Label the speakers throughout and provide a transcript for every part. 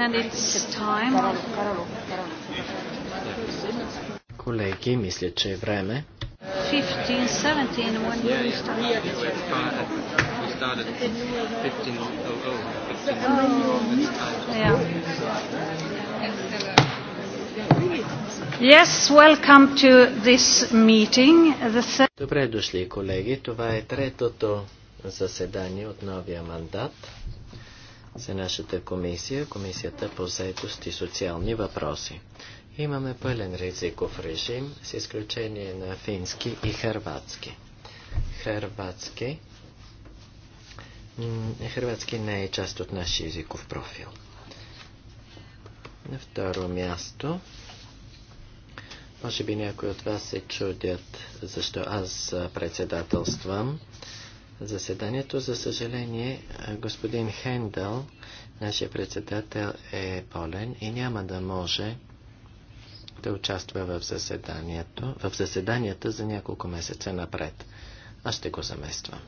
Speaker 1: And it's time.
Speaker 2: Колеги, мисля, че е време.
Speaker 1: 15, 17, when yeah, you started. Yeah, we started 15.00. Yeah. Yes, welcome to this meeting. The
Speaker 2: Добре дошли, колеги. Това е третото заседание от новия мандат за нашата комисия, Комисията по заедост и социални въпроси. Имаме пълен ризиков режим, с изключение на фински и хърватски. Хърватски, хърватски не е част от нашия езиков профил. На второ място, може би някои от вас се чудят защо аз председателствам заседанието. За съжаление, господин Хендъл, нашия председател, е болен и няма да може да участва в заседанието, в заседанията за няколко месеца напред. Аз ще го замествам.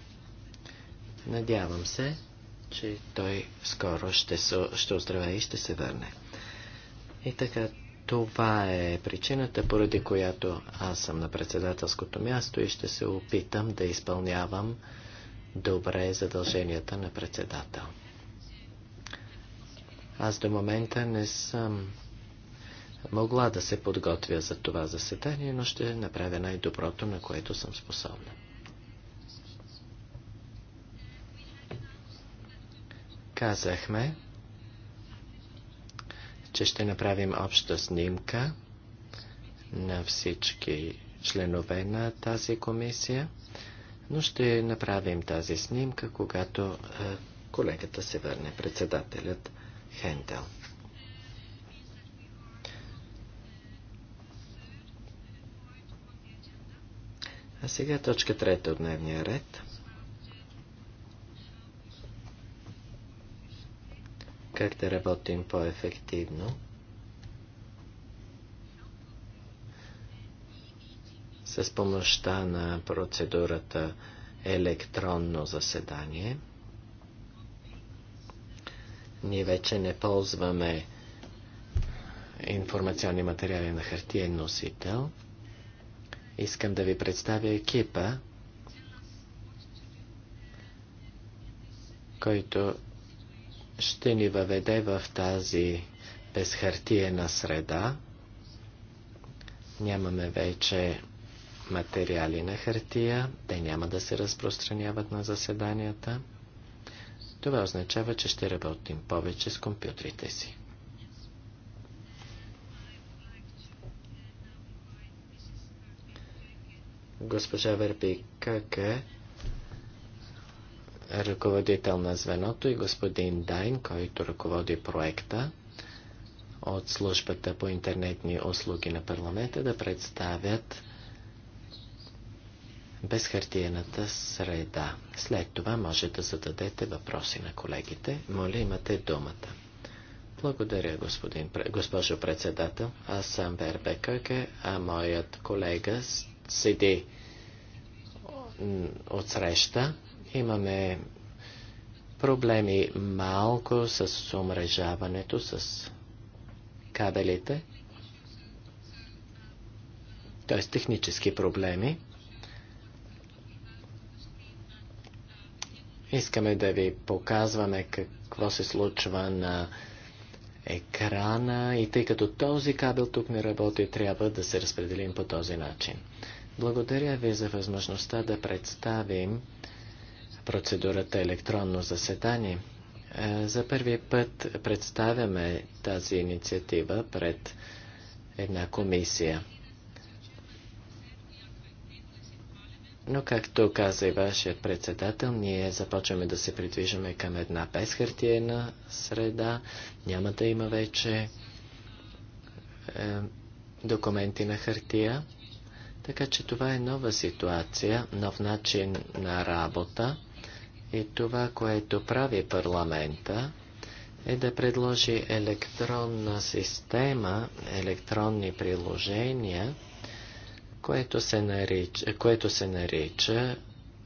Speaker 2: Надявам се, че той скоро ще, со, ще оздраве и ще се върне. И така, това е причината, поради която аз съм на председателското място и ще се опитам да изпълнявам добре е задълженията на председател. Аз до момента не съм могла да се подготвя за това заседание, но ще направя най-доброто, на което съм способна. Казахме, че ще направим обща снимка на всички членове на тази комисия – но ще направим тази снимка, когато е, колегата се върне, председателят Хендел. А сега точка трета от дневния ред. Как да работим по-ефективно? с помощта на процедурата електронно заседание. Ние вече не ползваме информационни материали на хартиен носител. Искам да ви представя екипа, който ще ни въведе в тази безхартиена среда. Нямаме вече материали на хартия, те няма да се разпространяват на заседанията. Това означава, че ще работим повече с компютрите си. Госпожа Верби е ръководител на звеното и господин Дайн, който ръководи проекта, от службата по интернетни услуги на парламента да представят хартиената среда. След това може да зададете въпроси на колегите. Моля, имате думата. Благодаря, господин, госпожо председател. Аз съм Вербе Къке, а моят колега седи от среща. Имаме проблеми малко с умрежаването, с кабелите, т.е. технически проблеми. Искаме да ви показваме какво се случва на екрана и тъй като този кабел тук не работи, трябва да се разпределим по този начин. Благодаря ви за възможността да представим процедурата електронно заседание. Е, за първи път представяме тази инициатива пред една комисия. Но както каза и вашият председател, ние започваме да се придвижваме към една безхартиена среда. Няма да има вече е, документи на хартия. Така че това е нова ситуация, нов начин на работа. И това, което прави парламента, е да предложи електронна система, електронни приложения, което се нарича, което се нарича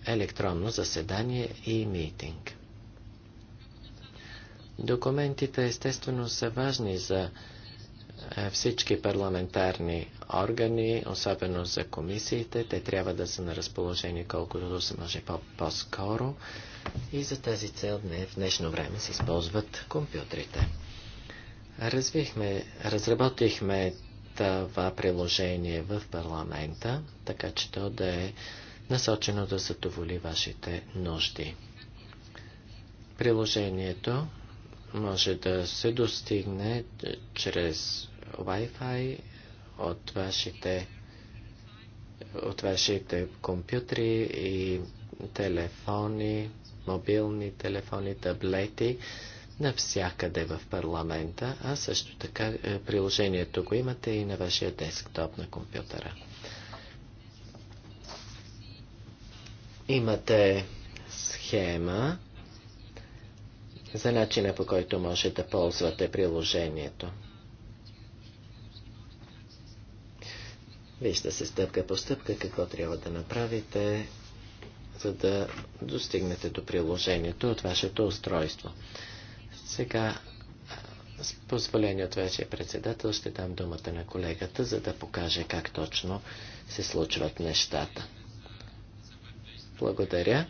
Speaker 2: електронно заседание и митинг. Документите естествено са важни за е, всички парламентарни органи, особено за комисиите. Те трябва да са на разположение колкото се може по-скоро. и за тази цел дне, в днешно време се използват компютрите. Развихме, разработихме това приложение в парламента, така че то да е насочено да задоволи вашите нужди. Приложението може да се достигне чрез Wi-Fi от вашите, от вашите компютри и телефони, мобилни телефони, таблети навсякъде в парламента, а също така е, приложението го имате и на вашия десктоп на компютъра. Имате схема за начина по който може да ползвате приложението. Вижте се стъпка по стъпка какво трябва да направите, за да достигнете до приложението от вашето устройство. Сега, с позволение от вашия председател, ще дам думата на колегата, за да покаже как точно се случват нещата. Благодаря.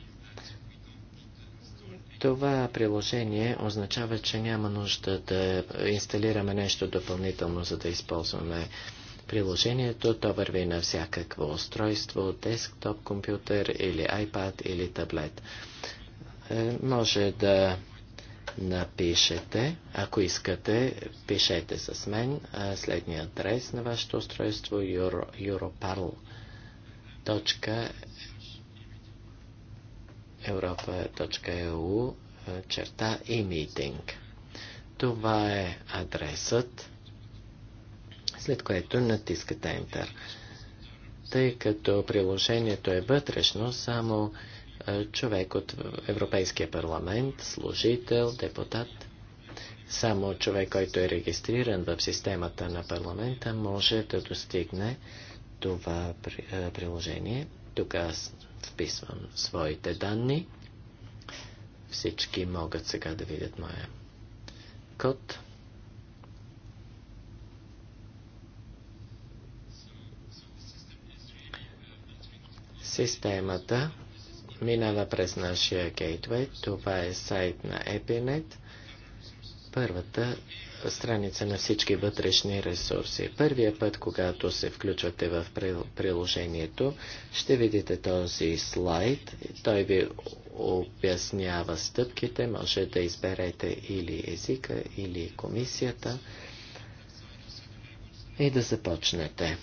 Speaker 2: Това приложение означава, че няма нужда да инсталираме нещо допълнително, за да използваме приложението. То върви на всякакво устройство, десктоп, компютър или iPad или таблет. Е, може да напишете, ако искате, пишете с мен следния адрес на вашето устройство europarl.europa.eu черта и митинг. Това е адресът, след което натискате Enter. Тъй като приложението е вътрешно, само е, човек от Европейския парламент, служител, депутат. Само човек, който е регистриран в системата на парламента, може да достигне това е, приложение. Тук аз вписвам своите данни. Всички могат сега да видят моя код. Системата минава през нашия гейтвей. Това е сайт на Epinet. Първата страница на всички вътрешни ресурси. Първия път, когато се включвате в приложението, ще видите този слайд. Той ви обяснява стъпките. Може да изберете или езика, или комисията и да започнете.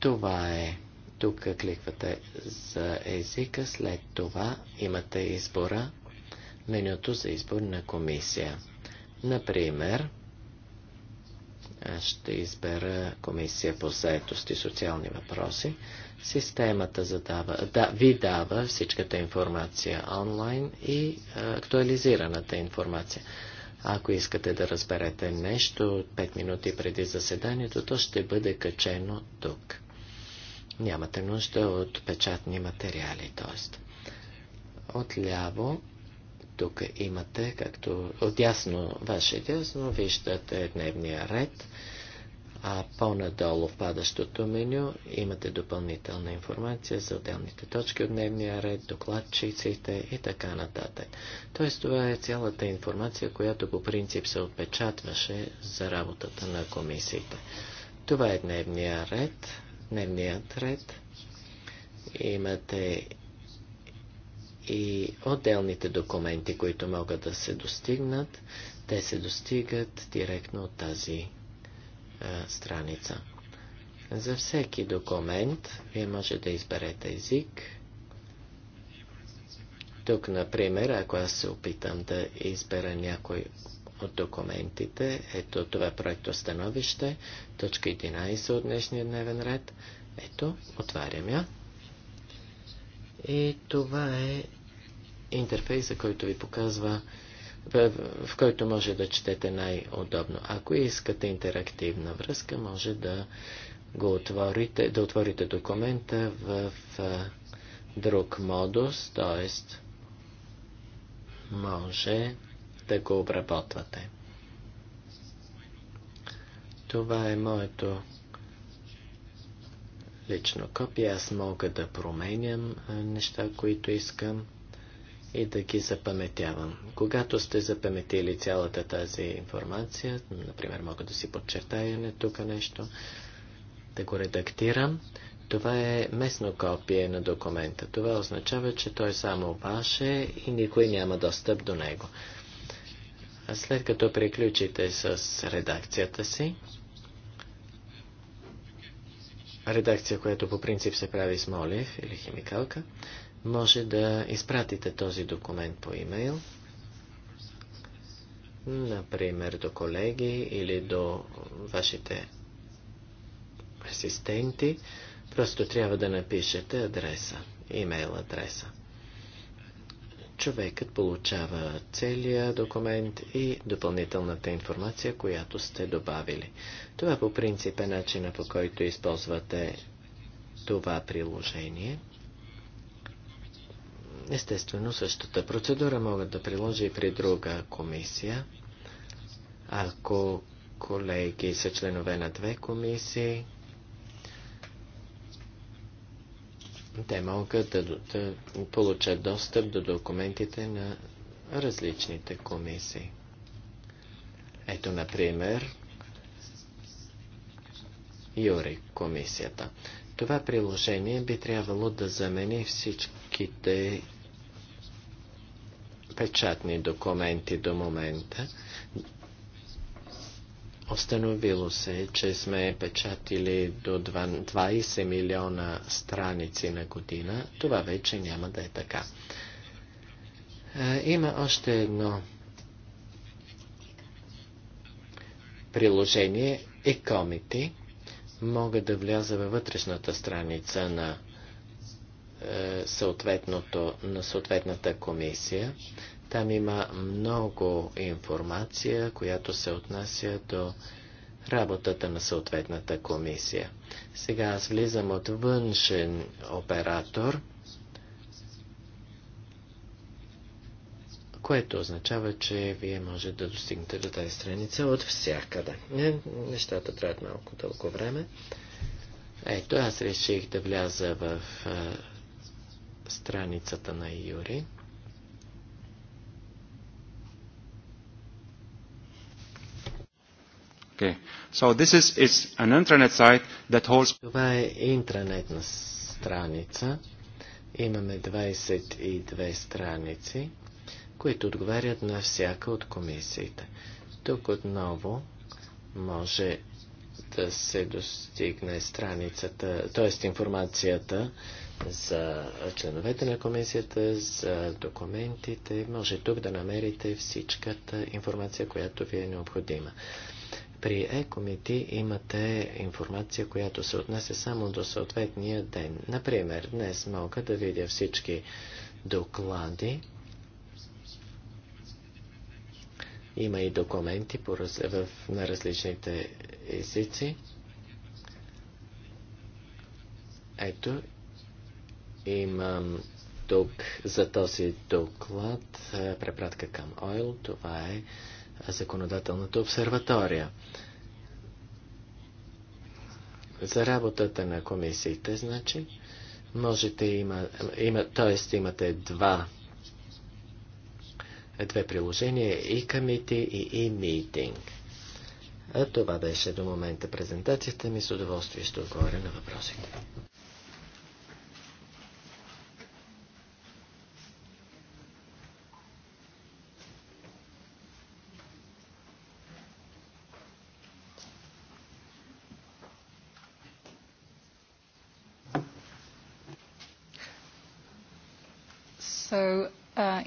Speaker 2: Това е тук кликвате за езика, след това имате избора, менюто за избор на комисия. Например, аз ще избера комисия по заетост и социални въпроси. Системата задава, да, ви дава всичката информация онлайн и а, е, актуализираната информация. Ако искате да разберете нещо 5 минути преди заседанието, то ще бъде качено тук. Нямате нужда от печатни материали, т.е. Отляво, тук имате, както отясно, ваше дясно, виждате дневния ред, а по-надолу в падащото меню имате допълнителна информация за отделните точки от дневния ред, докладчиците и така нататък. Тоест това е цялата информация, която по принцип се отпечатваше за работата на комисиите. Това е дневния ред, дневният ред. Имате и отделните документи, които могат да се достигнат. Те се достигат директно от тази а, страница. За всеки документ вие може да изберете език. Тук, например, ако аз се опитам да избера някой от документите. Ето това е проекто становище, точка 11 от днешния дневен ред. Ето, отварям я. И това е интерфейса, който ви показва, в, в който може да четете най-удобно. Ако искате интерактивна връзка, може да го отворите, да отворите документа в друг модус, т.е. може да го обработвате. Това е моето лично копие. Аз мога да променям неща, които искам и да ги запаметявам. Когато сте запаметили цялата тази информация, например, мога да си подчертая не тук нещо, да го редактирам, това е местно копие на документа. Това означава, че той само ваше и никой няма достъп до него. След като приключите с редакцията си, редакция, която по принцип се прави с молив или химикалка, може да изпратите този документ по имейл, например до колеги или до вашите асистенти. Просто трябва да напишете адреса, имейл адреса човекът получава целия документ и допълнителната информация, която сте добавили. Това по принцип е начина по който използвате това приложение. Естествено, същата процедура могат да приложи и при друга комисия. Ако колеги са членове на две комисии, те могат да, да получат достъп до документите на различните комисии. Ето, например, Юри комисията. Това приложение би трябвало да замени всичките печатни документи до момента Установило се, че сме печатили до 20 милиона страници на година. Това вече няма да е така. Има още едно приложение Ecomity. Мога да вляза във вътрешната страница на е, съответното, на съответната комисия. Там има много информация, която се отнася до работата на съответната комисия. Сега аз влизам от външен оператор, което означава, че вие може да достигнете до тази страница от всякъде. Не, нещата трябват малко дълго време. Ето, аз реших да вляза в а, страницата на Юри. Okay. So this is, is an intranet site that holds... Това е интранетна страница. Имаме 22 страници, които отговарят на всяка от комисиите. Тук отново може да се достигне страницата, т.е. информацията за членовете на комисията, за документите. Може тук да намерите всичката информация, която ви е необходима. При екомити имате информация, която се отнесе само до съответния ден. Например, днес мога да видя всички доклади. Има и документи по, в, на различните езици. Ето, имам тук за този доклад е, препратка към Ойл. Това е законодателната обсерватория. За работата на комисиите, значи, можете има, има т.е. имате два две приложения e комити и e митинг. А това беше до момента презентацията ми. С удоволствие ще отговоря на въпросите.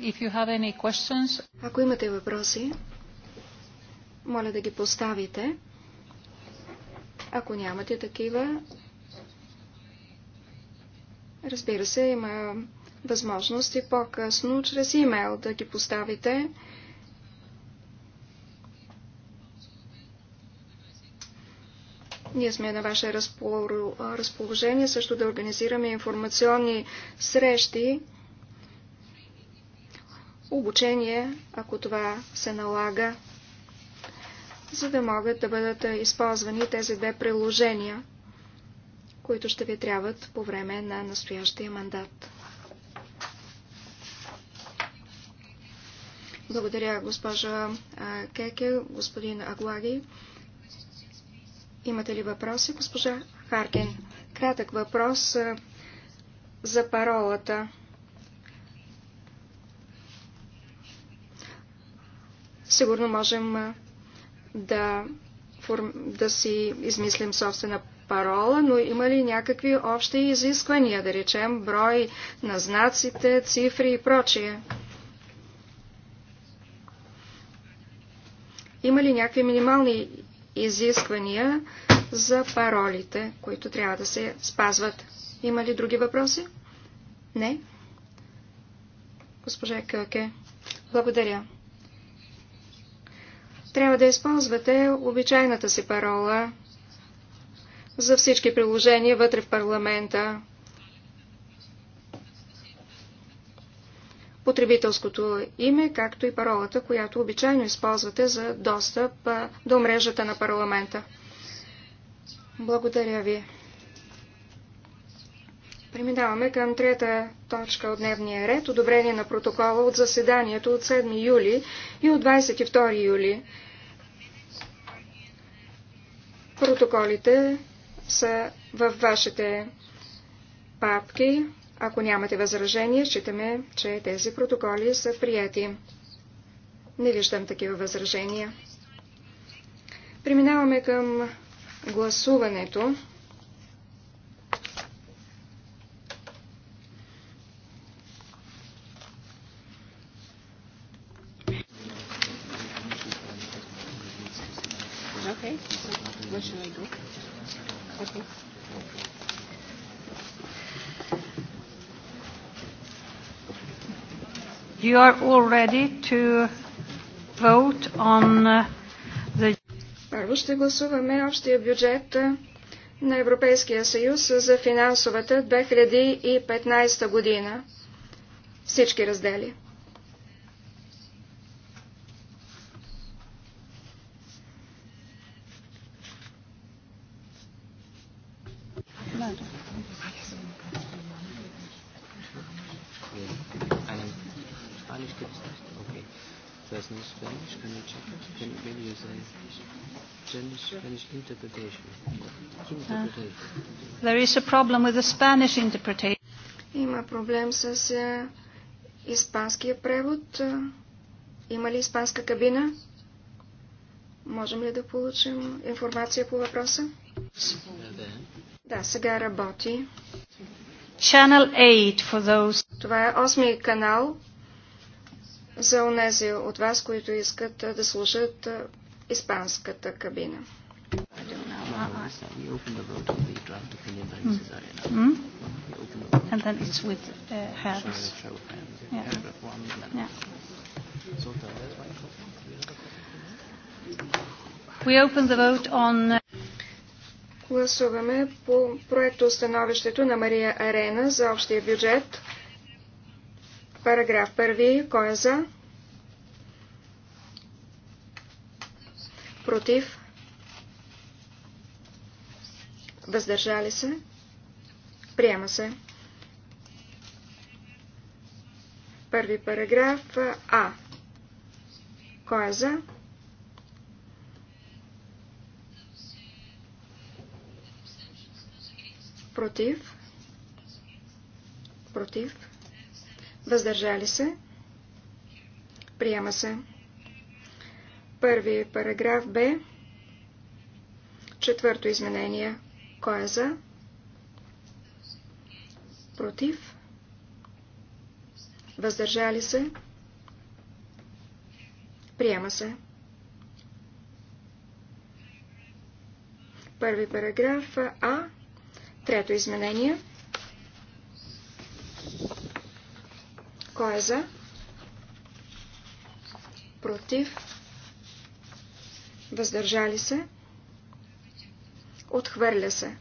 Speaker 3: If you have any questions... Ако имате въпроси, моля да ги поставите. Ако нямате такива, разбира се, има възможности по-късно чрез имейл да ги поставите. Ние сме на ваше разположение също да организираме информационни срещи обучение, ако това се налага, за да могат да бъдат използвани тези две приложения, които ще ви трябват по време на настоящия мандат. Благодаря, госпожа Кеке, господин Аглаги. Имате ли въпроси, госпожа Харкен? Кратък въпрос за паролата. Сигурно можем да, да си измислим собствена парола, но има ли някакви общи изисквания, да речем брой на знаците, цифри и прочие? Има ли някакви минимални изисквания за паролите, които трябва да се спазват? Има ли други въпроси? Не? Госпожа Кълке, благодаря трябва да използвате обичайната си парола за всички приложения вътре в парламента. Потребителското име, както и паролата, която обичайно използвате за достъп до мрежата на парламента. Благодаря ви. Преминаваме към трета точка от дневния ред – одобрение на протокола от заседанието от 7 юли и от 22 юли. Протоколите са в вашите папки. Ако нямате възражение, считаме, че тези протоколи са прияти. Не виждам такива възражения. Преминаваме към гласуването. you are all ready to vote on uh, the... Първо ще гласуваме общия бюджет uh, на Европейския съюз за финансовата 2015 година. Всички раздели.
Speaker 2: Ah.
Speaker 1: there is a problem with the Spanish interpretation.
Speaker 3: Има проблем с испанския превод. Има ли испанска кабина? Можем ли да получим информация по въпроса? Да, сега работи.
Speaker 1: Channel 8 for those.
Speaker 3: Това е осми канал за онези от вас, които искат да слушат испанската кабина
Speaker 1: last time. We open the vote on the draft opinion by Mrs. Arena. Mm? And then it's with uh, Harris. Yeah. We open the vote on...
Speaker 3: Гласуваме по проекто становището на Мария Арена за общия бюджет. Параграф първи. Кой е за? Против? Въздържали се. Приема се. Първи параграф А. Кой е за? Против. Против. Въздържали се. Приема се. Първи параграф Б. Четвърто изменение. Кой е за? Против? Въздържали се? Приема се. Първи параграф А. Трето изменение. Кой е за? Против? Въздържали се? Отхвърля се.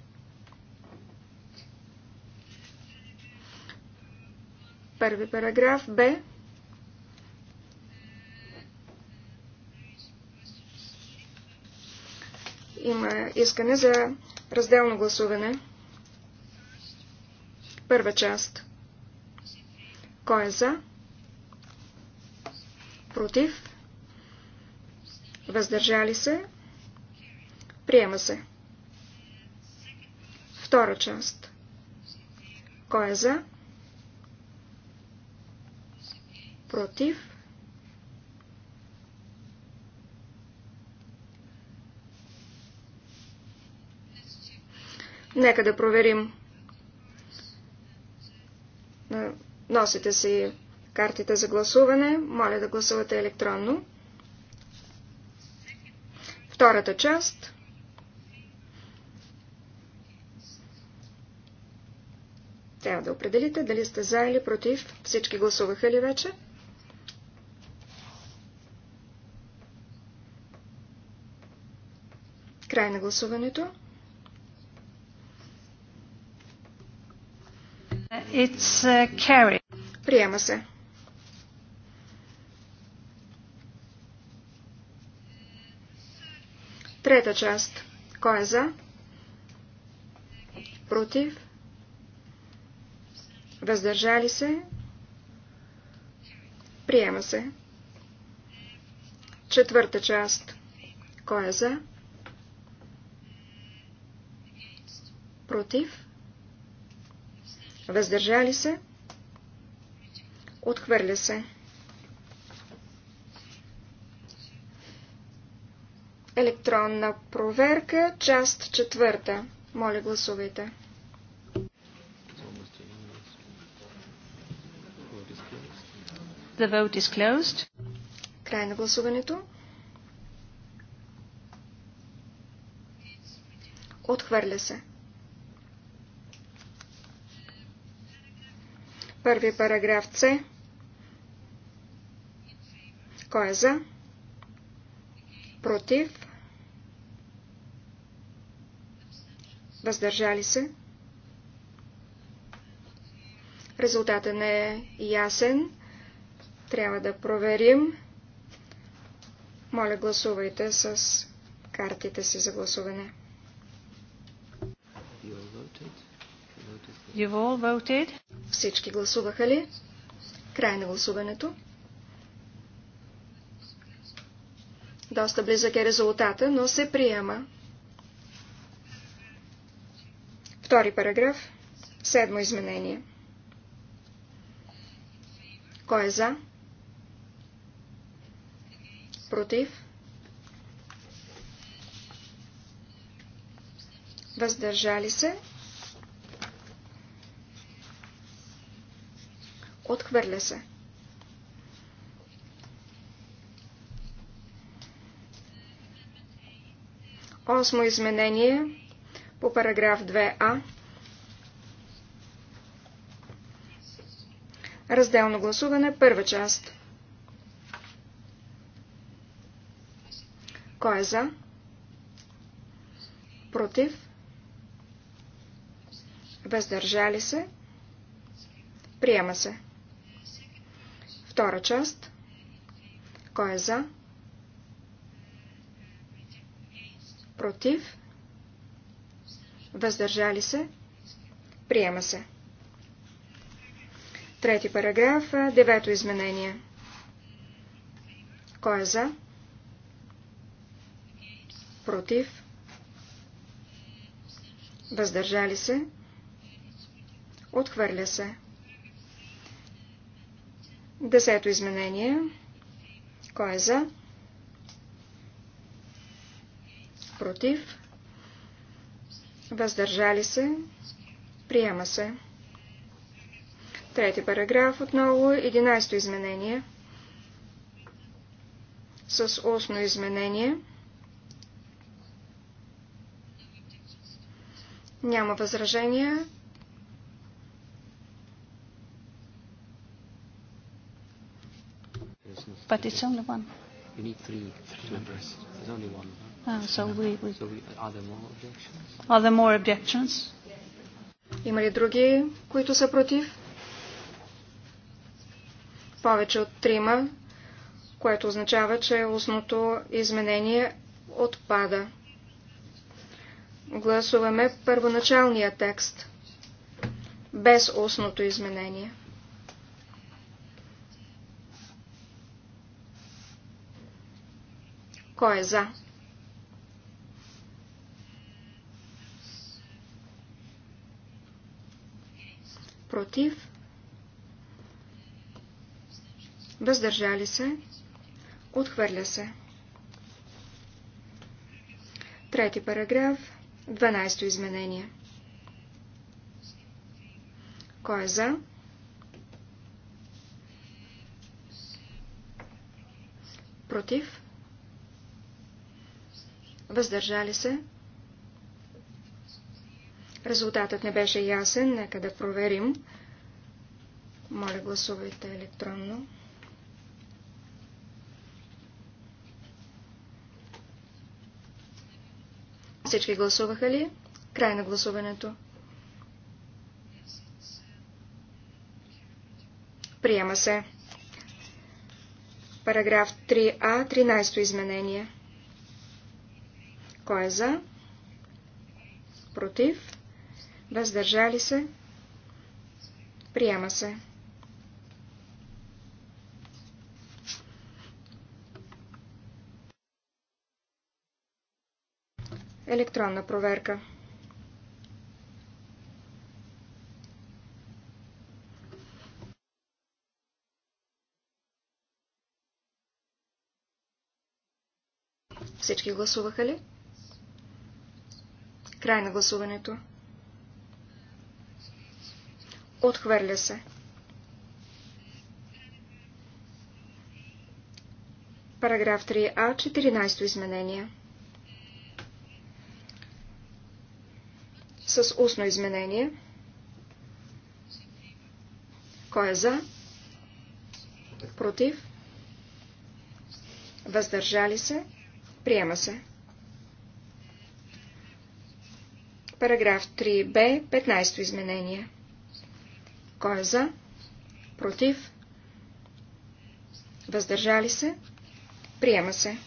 Speaker 3: Първи параграф Б. Има искане за разделно гласуване. Първа част. Кой е за? Против? Въздържали се? Приема се. Втора част. Кой е за? Против. Нека да проверим. Носите си картите за гласуване. Моля да гласувате електронно. Втората част. Трябва да определите дали сте за или против. Всички гласуваха ли вече? Край на гласуването.
Speaker 1: It's uh, carry.
Speaker 3: Приема се. Трета част. Кой е за? Против? Въздържали се. Приема се. Четвърта част. Кой е за? Против. Въздържали се. Отхвърля се. Електронна проверка, част четвърта. Моля, гласувайте. The vote is closed. Край на гласуването. Отхвърля се. Първи параграф С. Кой е за? Против? Въздържали се? Резултата не е ясен. Трябва да проверим. Моля, гласувайте с картите си за гласуване. Всички гласуваха ли? Край на гласуването. Доста близък е резултата, но се приема. Втори параграф. Седмо изменение. Кой е за? против, въздържали се, отхвърля се. Осмо изменение по параграф 2а. Разделно гласуване, първа част. Кой е за? Против? Въздържали се? Приема се. Втора част. Кой е за? Против? Въздържали се? Приема се. Трети параграф, девето изменение. Кой е за? против, въздържали се, отхвърля се. Десето изменение. Кой е за? Против. Въздържали се. Приема се. Трети параграф отново. Единайсто изменение. С устно изменение. Няма възражения.
Speaker 2: But it's only one. You need three, three members. There's only one. Uh, so we, we... So we, are there more objections?
Speaker 3: Are there more objections? Има ли други, които са против? Повече от трима, което означава, че устното изменение отпада. Гласуваме първоначалния текст без устното изменение. Кой е за? Против? Въздържали се? Отхвърля се. Трети параграф. 12-то изменение. Кой е за? Против? Въздържали се? Резултатът не беше ясен, нека да проверим. Моля, гласувайте електронно. Всички гласуваха ли? Край на гласуването. Приема се. Параграф 3а, 13 то изменение. Кой е за? Против? Въздържали се? Приема се. електронна проверка. Всички гласуваха ли? Край на гласуването. Отхвърля се. Параграф 3а, 14 изменение. с устно изменение. Кой е за? Против? Въздържали се? Приема се. Параграф 3б, 15 то изменение. Кой е за? Против? Въздържали се? Приема се.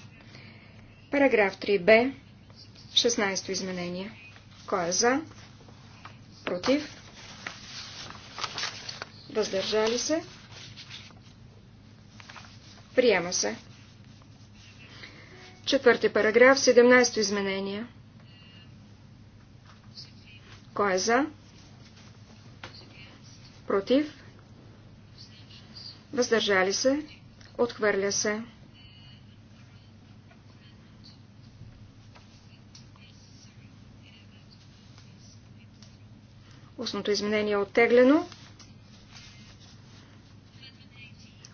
Speaker 3: Параграф 3б, 16 изменение. Кой е за? Против? Въздържали се? Приема се. Четвърти параграф, 17 изменение. Кой е за? Против? Въздържали се? Отхвърля се. Устното изменение е оттеглено.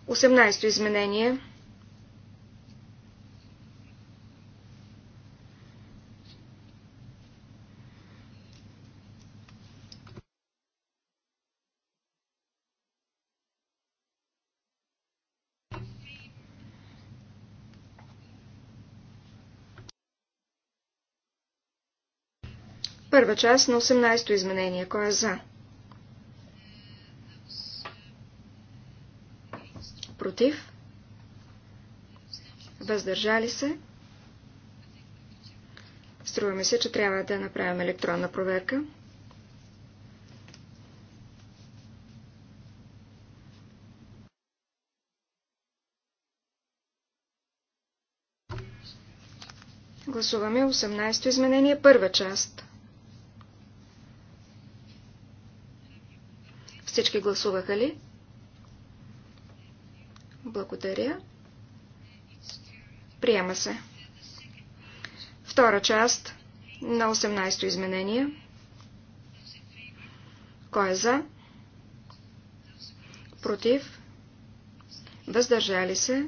Speaker 3: 18-то изменение. първа част на 18-то изменение. Кой е за? Против? Въздържали се? Струваме се, че трябва да направим електронна проверка. Гласуваме 18-то изменение, първа част. Всички гласуваха ли? Благодаря. Приема се. Втора част на 18-то изменение. Кой е за? Против? Въздържали се?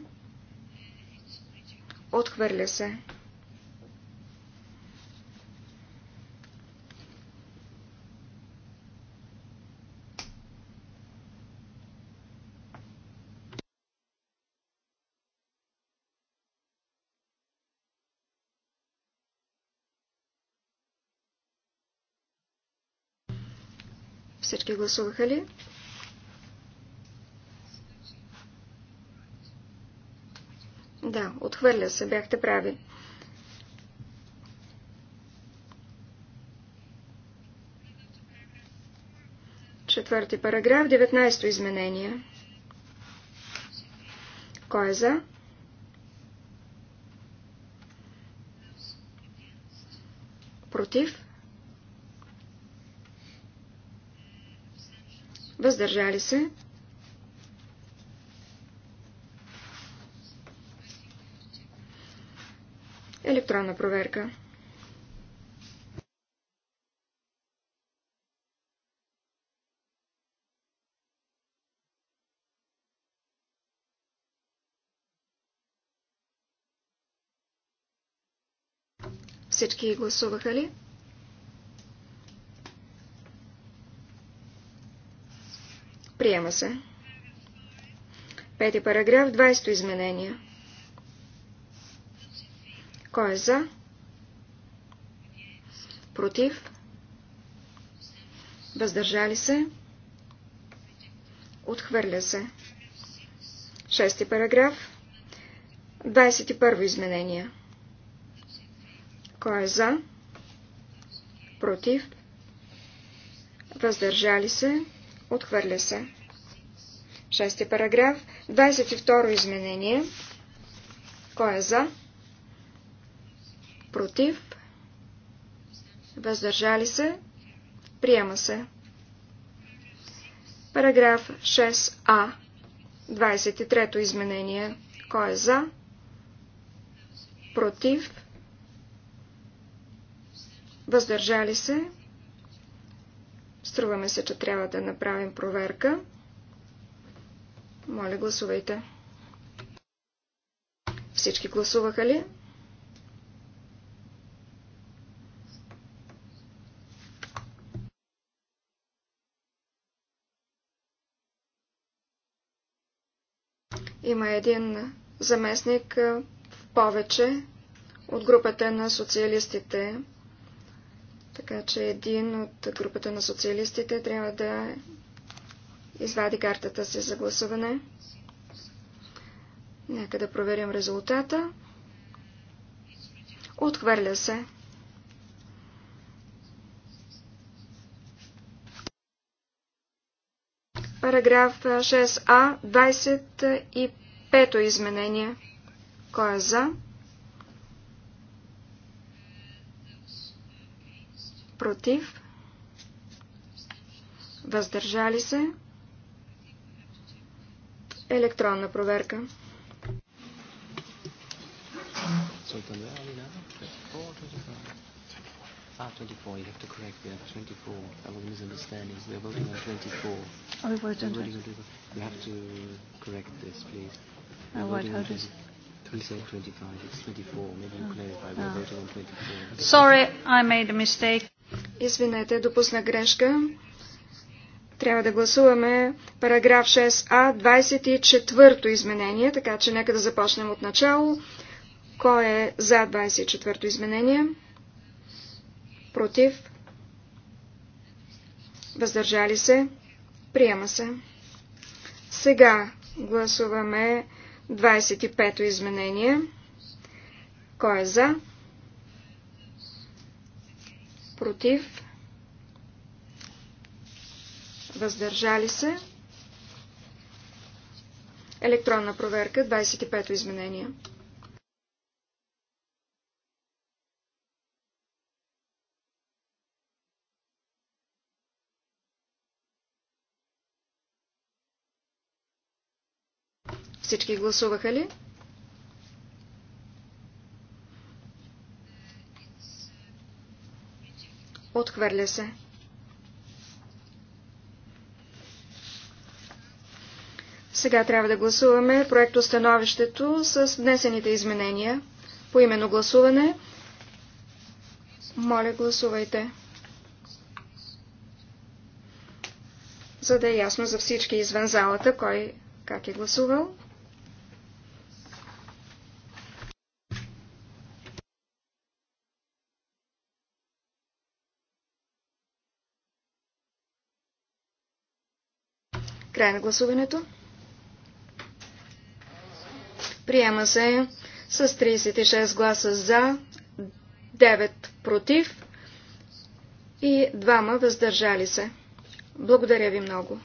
Speaker 3: Отхвърля се. Всички гласуваха ли? Да, отхвърля се, бяхте прави. Четвърти параграф, 19 то изменение. Кой е за? Против? въздържали се. Електронна проверка. Всички гласуваха ли? Приема се. Пети параграф, 20 изменение. Кой е за? Против? Въздържали се? Отхвърля се. Шести параграф. 21 изменение. Кой е за? Против? Въздържали се? Отхвърля се. Шести параграф. 22 изменение. Кой е за? Против? Въздържали се? Приема се. Параграф 6а. 23-то изменение. Кой е за? Против? Въздържали се? Струваме се, че трябва да направим проверка. Моля, гласувайте. Всички гласуваха ли? Има един заместник в повече от групата на социалистите. Така че един от групата на социалистите трябва да извади картата си за гласуване. Нека да проверим резултата. Отхвърля се. Параграф 6а, 25 то изменение. Кой е за? против, въздържали се, електронна проверка.
Speaker 2: Ah, 24, you have to correct me. 24. I was misunderstanding. They're voting on 24. Oh, we on 24. You have to correct this, please. Oh, what? How does... We said 25. It's 24. Maybe you clarify.
Speaker 3: We're voting on 24. Sorry, I made a mistake. Извинете, допусна грешка. Трябва да гласуваме параграф 6а, 24-то изменение, така че нека да започнем от начало. Кой е за 24-то изменение? Против? Въздържали се? Приема се. Сега гласуваме 25-то изменение. Кой е за? против, въздържали се. Електронна проверка, 25-то изменение. Всички гласуваха ли? Отхвърля се. Сега трябва да гласуваме проекто становището с внесените изменения. По именно гласуване. Моля, гласувайте. За да е ясно за всички извън залата, кой как е гласувал. Край на гласуването. Приема се с 36 гласа за, 9 против и 2 въздържали се. Благодаря ви много.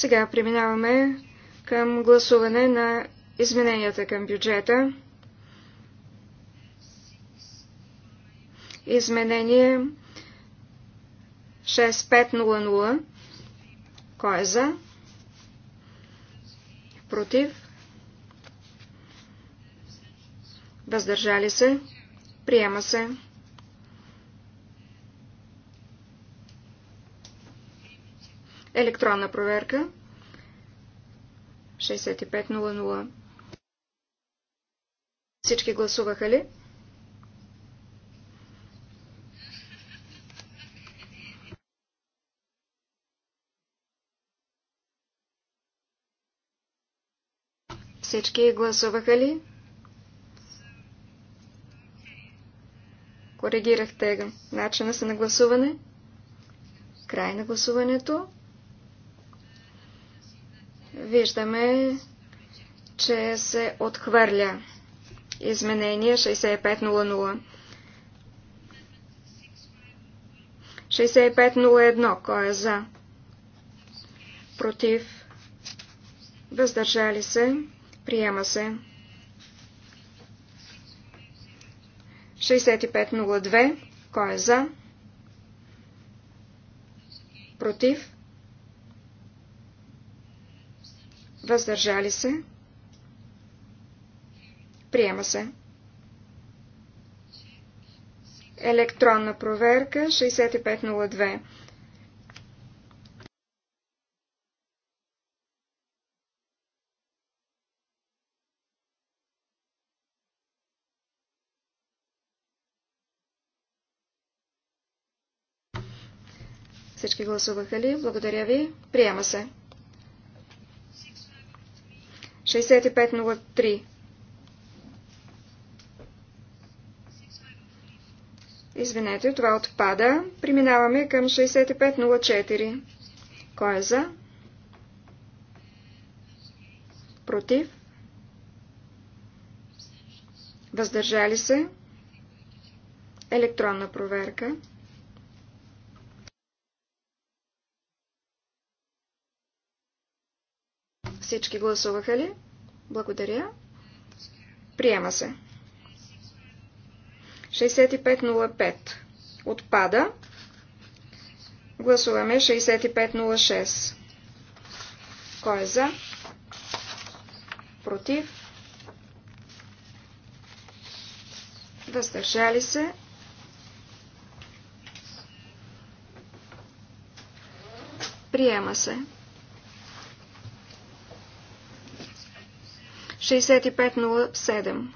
Speaker 3: Сега преминаваме към гласуване на измененията към бюджета. Изменение 6500. Кой е за? Против? Въздържали се? Приема се. електронна проверка. 6500. Всички гласуваха ли? Всички гласуваха ли? Коригирахте начина се на гласуване. Край на гласуването виждаме, че се отхвърля изменение 6500. 6501. Кой е за? Против? Въздържали се? Приема се. 6502. Кой е за? Против? въздържали се, приема се. Електронна проверка 6502. Всички гласуваха ли? Благодаря ви. Приема се. 6503. Извинете, това отпада. Преминаваме към 6504. Кой е за? Против? Въздържали се? Електронна проверка. Всички гласуваха ли? Благодаря. Приема се. 6505 отпада. Гласуваме 6506. Кой е за? Против? Въздържали се? Приема се. 6507.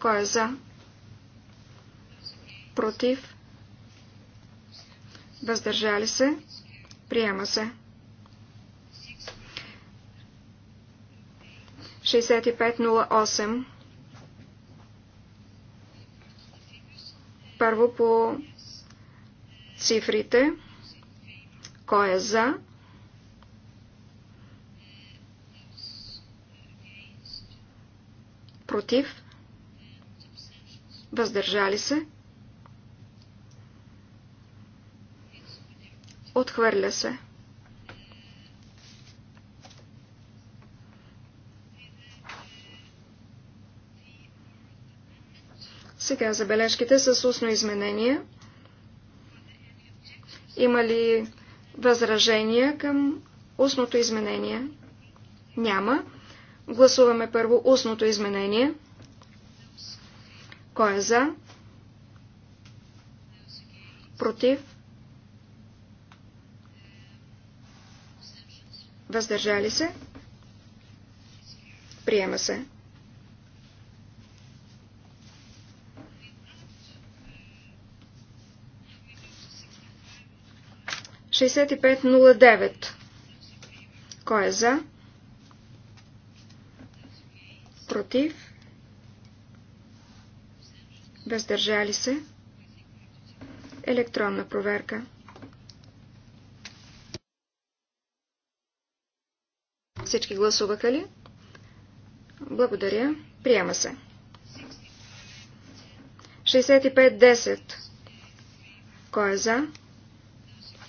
Speaker 3: Кой е за? Против? Въздържали се? Приема се. 6508. Първо по цифрите. Кой е за? против, въздържали се, отхвърля се. Сега забележките с устно изменение. Има ли възражения към устното изменение? Няма. Гласуваме първо устното изменение. Кой е за? Против? Въздържали се? Приема се. Шестдесет и пет нула девет. Кой е за? против, въздържали се, електронна проверка. Всички гласуваха ли? Благодаря. Приема се. 65-10. Кой е за?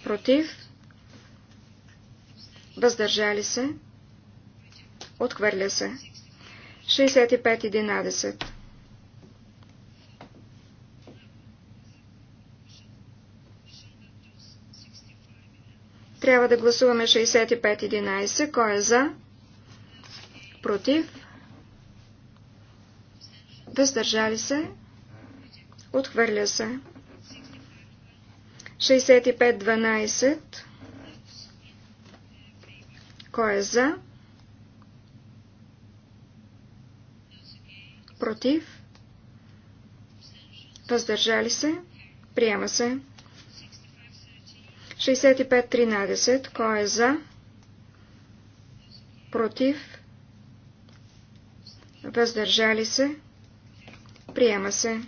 Speaker 3: Против? Въздържали се? Отхвърля се. 6511. Трябва да гласуваме 6511. Кой е за? Против? Въздържали се? Отхвърля се. 6512. Кой е за? против, въздържали се, приема се. 65-13, кой е за, против, въздържали се, приема се.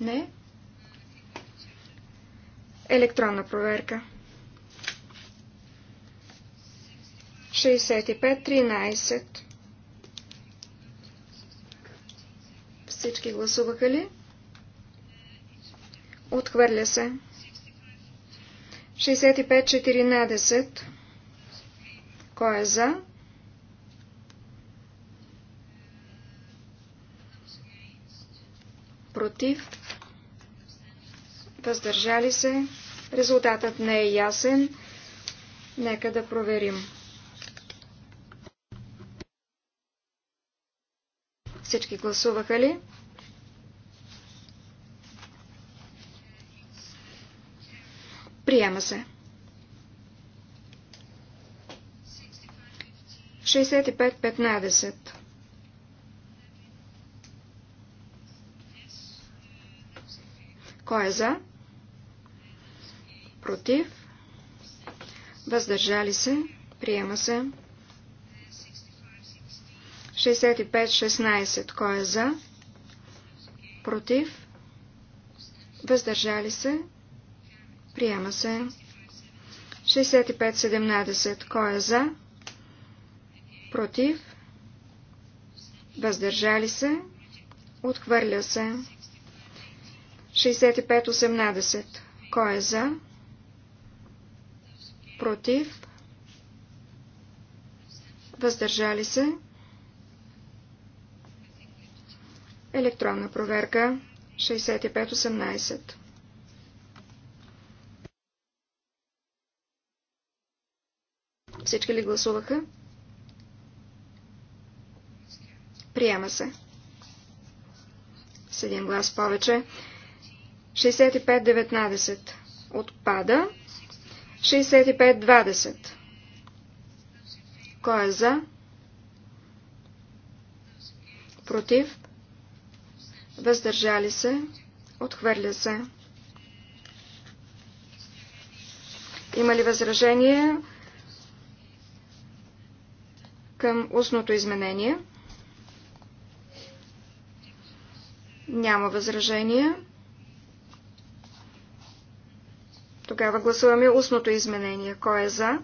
Speaker 3: Не. Електронна проверка. 65-13 Всички гласуваха ли? Отхвърля се. 65-14. Кой е за? Против? Въздържали се? Резултатът не е ясен. Нека да проверим. Всички гласуваха ли? Приема се. 65-15 Кой е за? Против? Въздържали се? Приема се. 65-16. Кой е за? Против? Въздържали се? Приема се. 65-17. Кой е за? Против? Въздържали се? Отхвърля се. 65-18. Кой е за? Против? Въздържали се? Електронна проверка 6518. Всички ли гласуваха? Приема се. С един глас повече. 65-19 отпада. 65-20. Кой е за? Против? въздържали се, отхвърля се. Има ли възражение към устното изменение? Няма възражение. Тогава гласуваме устното изменение. Кой е за?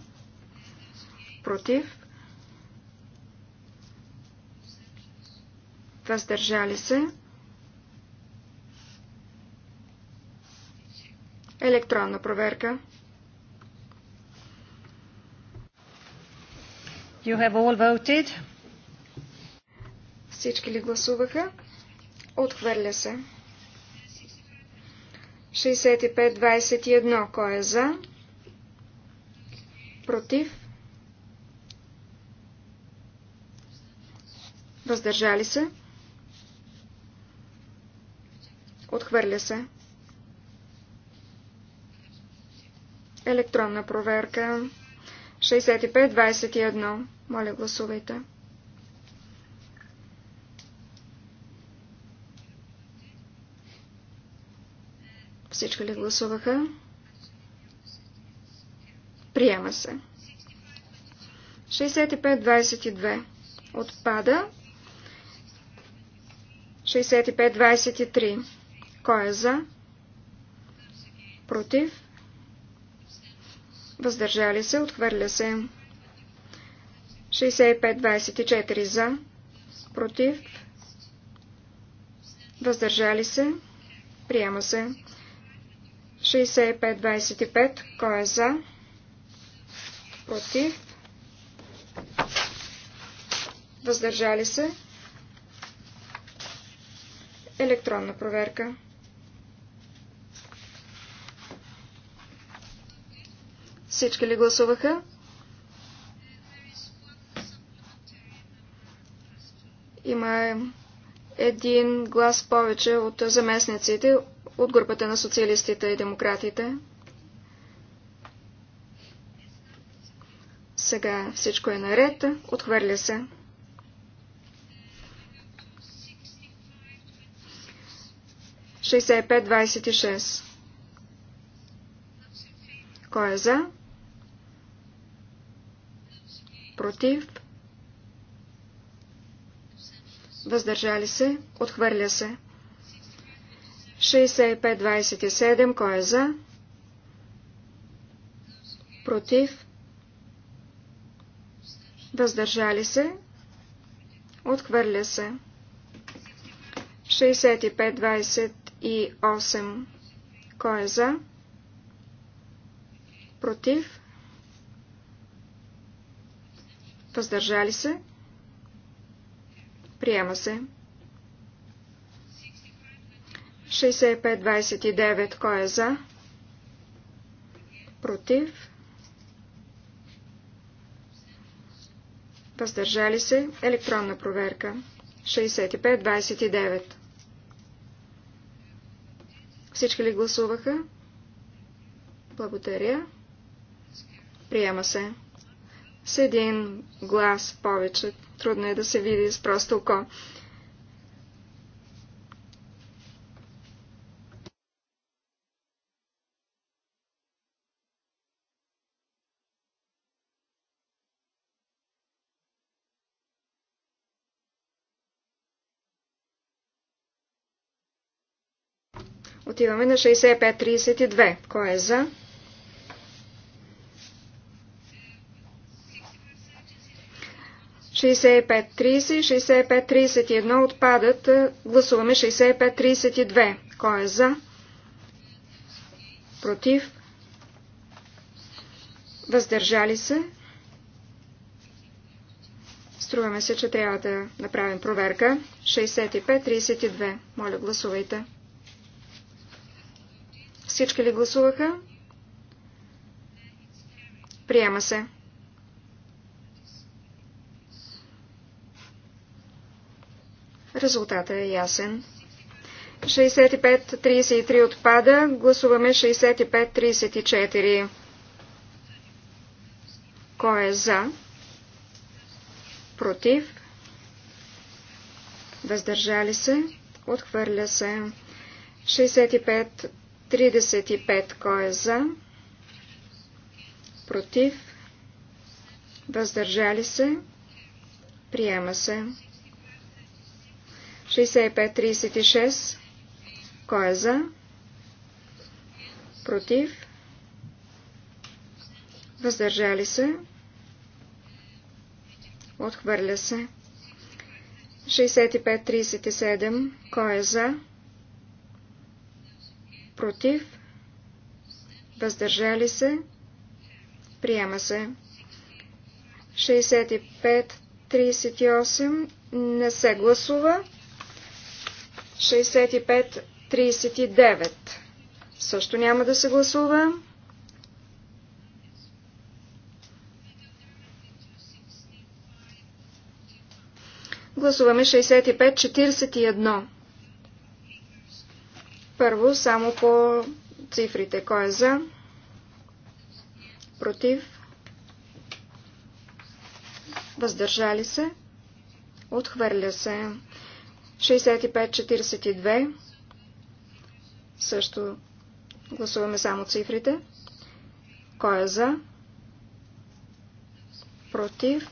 Speaker 3: Против? Въздържали се? електронна проверка. You have all voted. Всички ли гласуваха? Отхвърля се. 65-21. Кой е за? Против? Въздържали се? Отхвърля се. Електронна проверка. 65-21. Моля, гласувайте. Всички ли гласуваха? Приема се. 65-22. Отпада. 65-23. Кой е за? Против? въздържали се, отхвърля се. 65-24 за, против, въздържали се, приема се. 65-25, кой е за, против, въздържали се, електронна проверка. Всички ли гласуваха? Има един глас повече от заместниците от групата на социалистите и демократите. Сега всичко е наред. Отхвърля се. 65-26. Кой е за? против, въздържали се, отхвърля се. 65-27, кой е за? Против, въздържали се, отхвърля се. 65-28, кой е за? Против, Въздържали се? Приема се. 65-29. Кой е за? Против? Въздържали се? Електронна проверка. 65-29. Всички ли гласуваха? Благодаря. Приема се с един глас повече. Трудно е да се види с просто око. Отиваме на 65-32. Кой е за? 65-30 65-31 отпадат. Гласуваме 65-32. Кой е за? Против? Въздържали се? Струваме се, че трябва да направим проверка. 65-32. Моля, гласувайте. Всички ли гласуваха? Приема се. Резултата е ясен. 65-33 отпада. Гласуваме 65-34. Кой е за? Против? Въздържали се? Отхвърля се. 65-35. Кой е за? Против? Въздържали се? Приема се. 65-36. Кой е за? Против? Въздържали се? Отхвърля се. 65-37. Кой е за? Против? Въздържали се? Приема се. 65-38. Не се гласува. 65-39. Също няма да се гласува. Гласуваме 65-41. Първо, само по цифрите. Кой е за? Против? Въздържали се? Отхвърля се. 65-42. Също гласуваме само цифрите. Кой е за? Против?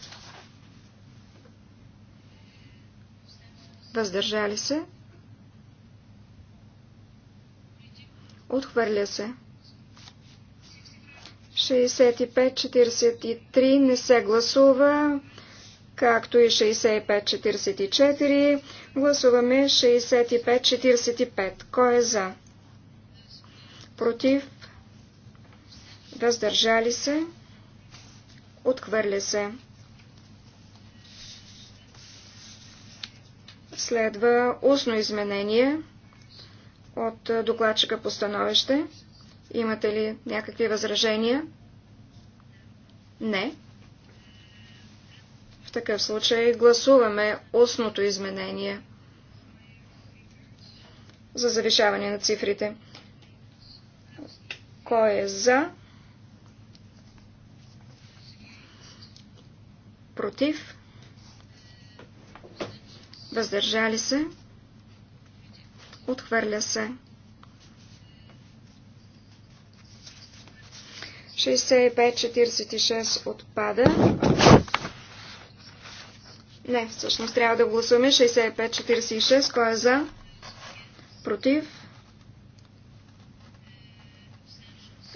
Speaker 3: Въздържали се? Отхвърля се. 65-43 не се гласува, както и 65-44. Гласуваме 65-45. Кой е за? Против? Въздържали се? Отхвърля се. Следва устно изменение от докладчика по становище. Имате ли някакви възражения? Не такъв случай гласуваме устното изменение за завишаване на цифрите. Кой е за? Против? Въздържали се? Отхвърля се. 65-46 отпада. Не, всъщност трябва да гласуваме 65-46. Кой е за? Против?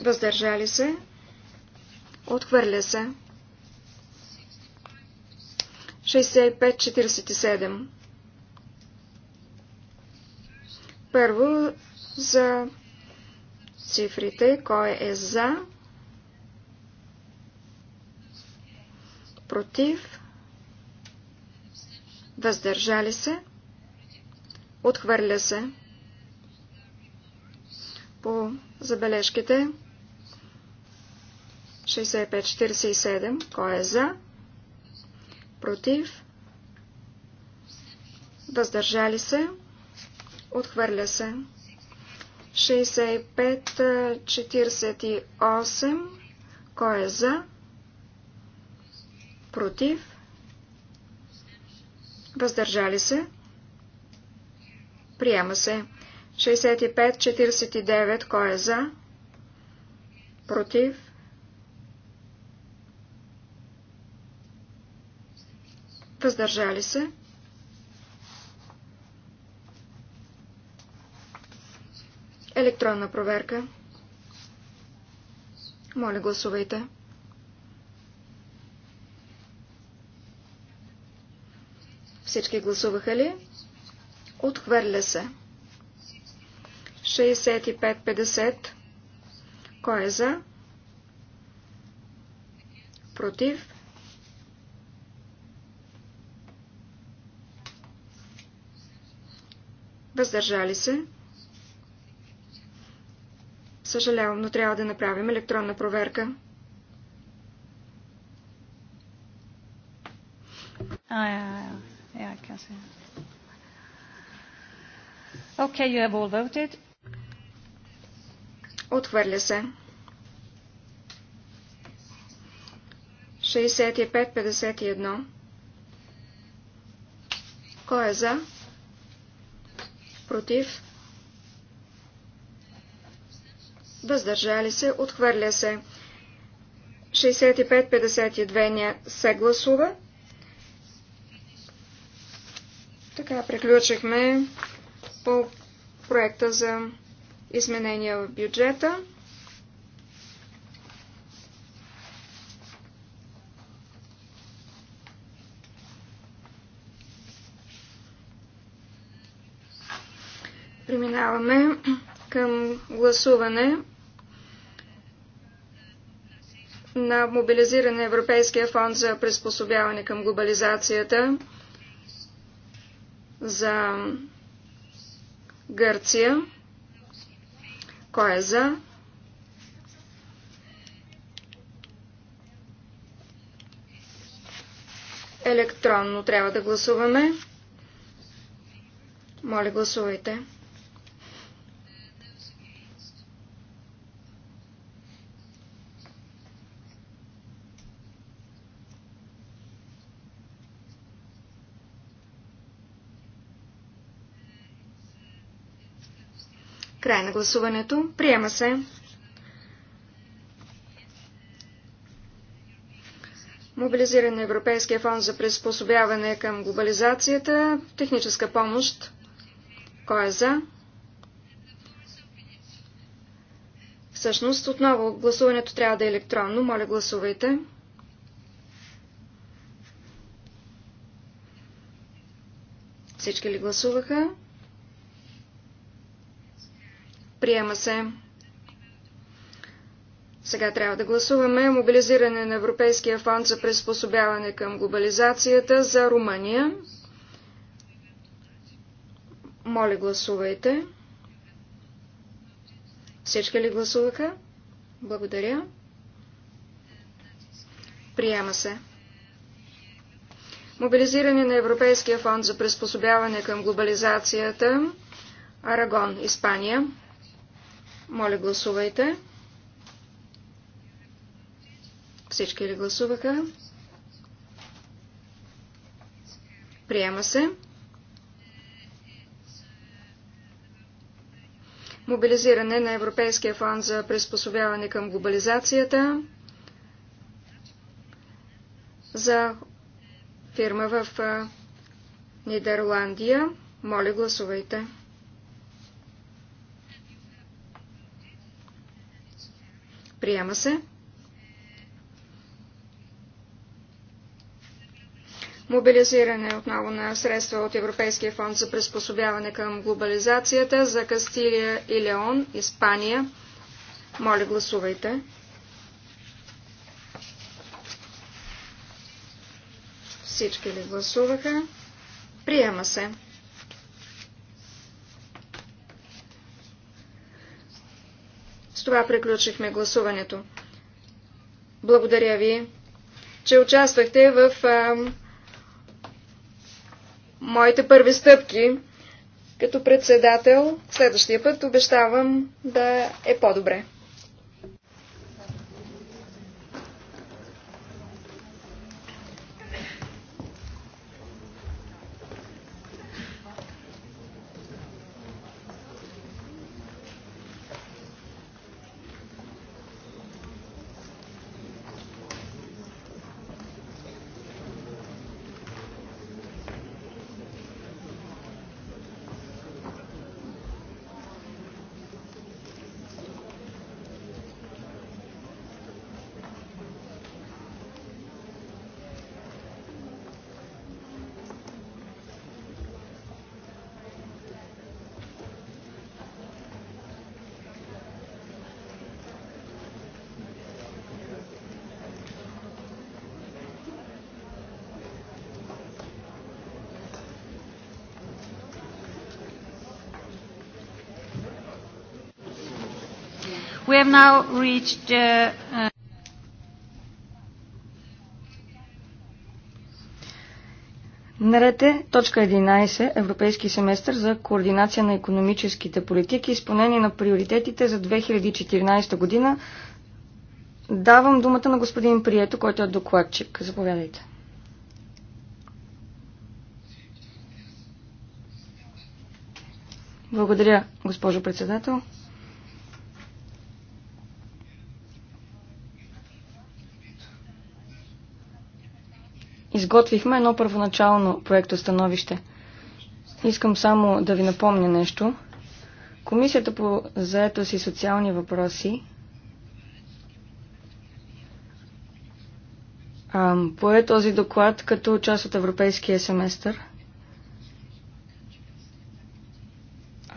Speaker 3: Въздържали се? Отхвърля се. 65-47. Първо за цифрите. Кой е за? Против? въздържали се, отхвърля се. По забележките 65-47, кой е за, против, въздържали се, отхвърля се. 65-48, кой е за, против, Въздържали се. Приема се. 65-49. Кой е за? Против. Въздържали се. Електронна проверка. Моля, гласувайте. Всички гласуваха ли? Отхвърля се. 65-50. Кой е за? Против? Въздържали се? Съжалявам, но трябва да направим електронна проверка.
Speaker 1: А, а, а. Yeah, I can see.
Speaker 3: Okay, you have all voted. Отхвърля се. 65-51. Кой е за? Против? Въздържали се? Отхвърля се. 65-52 не се гласува. Така приключихме по проекта за изменения в бюджета. Преминаваме към гласуване на мобилизиране Европейския фонд за приспособяване към глобализацията за Гърция. Кой е за? Електронно трябва да гласуваме. Моля, гласувайте. Край на гласуването. Приема се. Мобилизиране на Европейския фонд за приспособяване към глобализацията. Техническа помощ. Кой е за? Всъщност, отново гласуването трябва да е електронно. Моля, гласувайте. Всички ли гласуваха? Приема се. Сега трябва да гласуваме мобилизиране на Европейския фонд за приспособяване към глобализацията за Румъния. Моля, гласувайте. Всички ли гласуваха? Благодаря. Приема се. Мобилизиране на Европейския фонд за приспособяване към глобализацията. Арагон, Испания. Моля, гласувайте. Всички ли гласуваха? Приема се. Мобилизиране на Европейския фонд за приспособяване към глобализацията за фирма в Нидерландия. Моля, гласувайте. Приема се. Мобилизиране отново на средства от Европейския фонд за приспособяване към глобализацията за Кастилия и Леон, Испания. Моля, гласувайте. Всички ли гласуваха? Приема се. това приключихме гласуването. Благодаря ви, че участвахте в а, моите първи стъпки като председател. Следващия път обещавам да е по-добре.
Speaker 1: now reached uh,
Speaker 4: Нарете точка 11 Европейски семестър за координация на економическите политики и изпълнение на приоритетите за 2014 година. Давам думата на господин Прието, който е докладчик. Заповядайте. Благодаря, госпожо председател. изготвихме едно първоначално проекто становище. Искам само да ви напомня нещо. Комисията по заетост и социални въпроси пое този доклад като част от европейския семестър –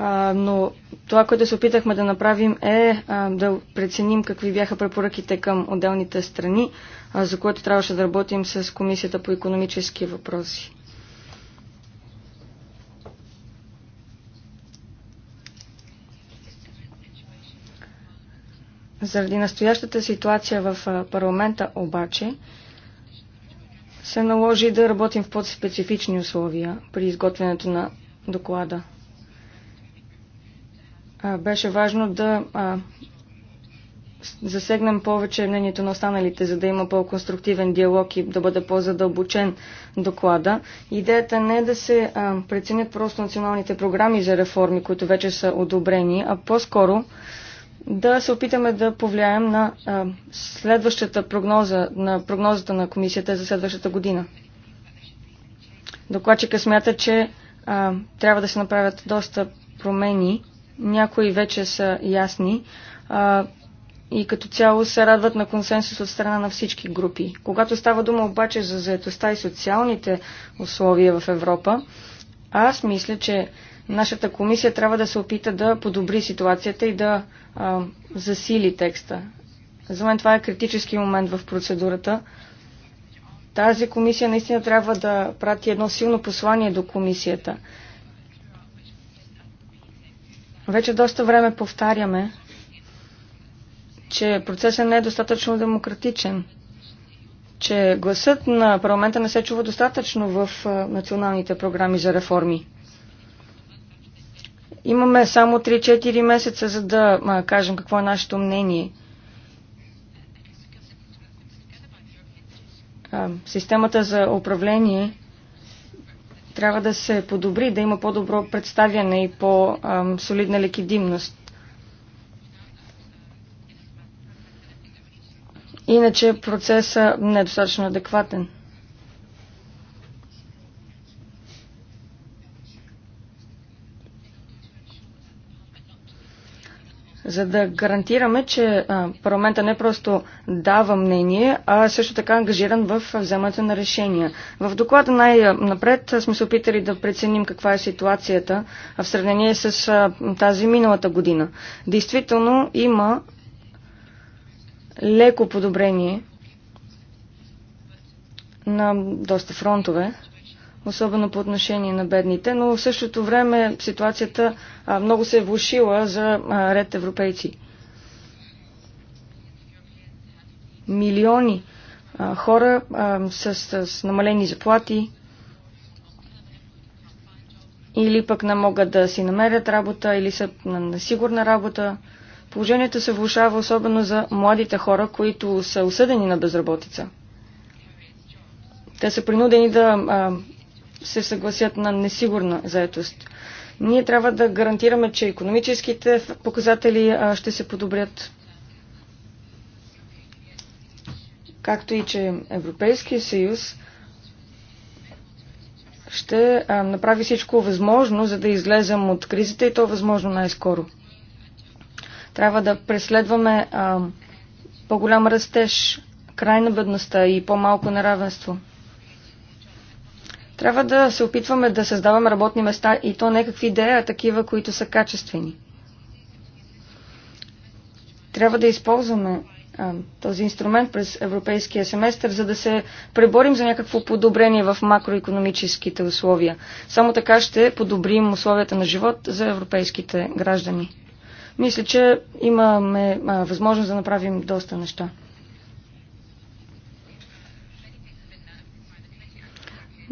Speaker 4: А, но това, което се опитахме да направим е а, да преценим какви бяха препоръките към отделните страни, а, за което трябваше да работим с Комисията по економически въпроси. Заради настоящата ситуация в парламента обаче се наложи да работим в подспецифични условия при изготвянето на доклада беше важно да засегнем повече мнението на останалите, за да има по-конструктивен диалог и да бъде по-задълбочен доклада. Идеята не е да се а, преценят просто националните програми за реформи, които вече са одобрени, а по-скоро да се опитаме да повлияем на а, следващата прогноза, на прогнозата на комисията за следващата година. Докладчика смята, че а, трябва да се направят доста промени някои вече са ясни а, и като цяло се радват на консенсус от страна на всички групи. Когато става дума обаче за заетостта и социалните условия в Европа, аз мисля, че нашата комисия трябва да се опита да подобри ситуацията и да а, засили текста. За мен това е критически момент в процедурата. Тази комисия наистина трябва да прати едно силно послание до комисията. Вече доста време повтаряме, че процесът не е достатъчно демократичен, че гласът на парламента не се чува достатъчно в националните програми за реформи. Имаме само 3-4 месеца, за да а, кажем какво е нашето мнение. А, системата за управление трябва да се подобри, да има по-добро представяне и по-солидна ликидимност. Иначе процесът не е достатъчно адекватен. за да гарантираме, че парламента не просто дава мнение, а също така ангажиран в вземането на решения. В доклада най-напред сме се опитали да преценим каква е ситуацията в сравнение с тази миналата година. Действително има леко подобрение на доста фронтове, особено по отношение на бедните, но в същото време ситуацията много се е влушила за ред европейци. Милиони хора с, с намалени заплати или пък не могат да си намерят работа или са на сигурна работа. Положението се влушава особено за младите хора, които са осъдени на безработица. Те са принудени да а, се съгласят на несигурна заетост. Ние трябва да гарантираме, че економическите показатели ще се подобрят, както и че Европейския съюз ще направи всичко възможно, за да излезем от кризата и то възможно най-скоро. Трябва да преследваме по-голям растеж, край на бедността и по-малко неравенство. Трябва да се опитваме да създаваме работни места и то не какви идеи, а такива, които са качествени. Трябва да използваме а, този инструмент през европейския семестър, за да се преборим за някакво подобрение в макроекономическите условия. Само така ще подобрим условията на живот за европейските граждани. Мисля, че имаме а, възможност да направим доста неща.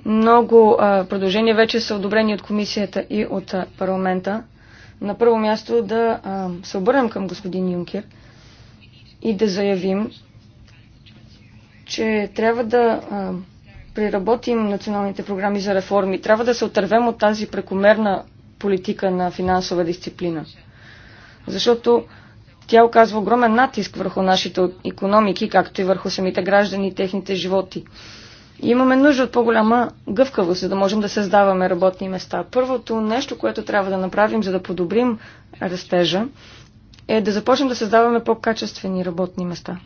Speaker 4: Много а, предложения вече са одобрени от комисията и от а, парламента. На първо място да а, се обърнем към господин Юнкер и да заявим, че трябва да а, приработим националните програми за реформи. Трябва да се отървем от тази прекомерна политика на финансова дисциплина. Защото тя оказва огромен натиск върху нашите економики, както и върху самите граждани и техните животи. Имаме нужда от по-голяма гъвкавост, за да можем да създаваме работни места. Първото нещо, което трябва да направим, за да подобрим растежа, е да започнем да създаваме по-качествени работни места.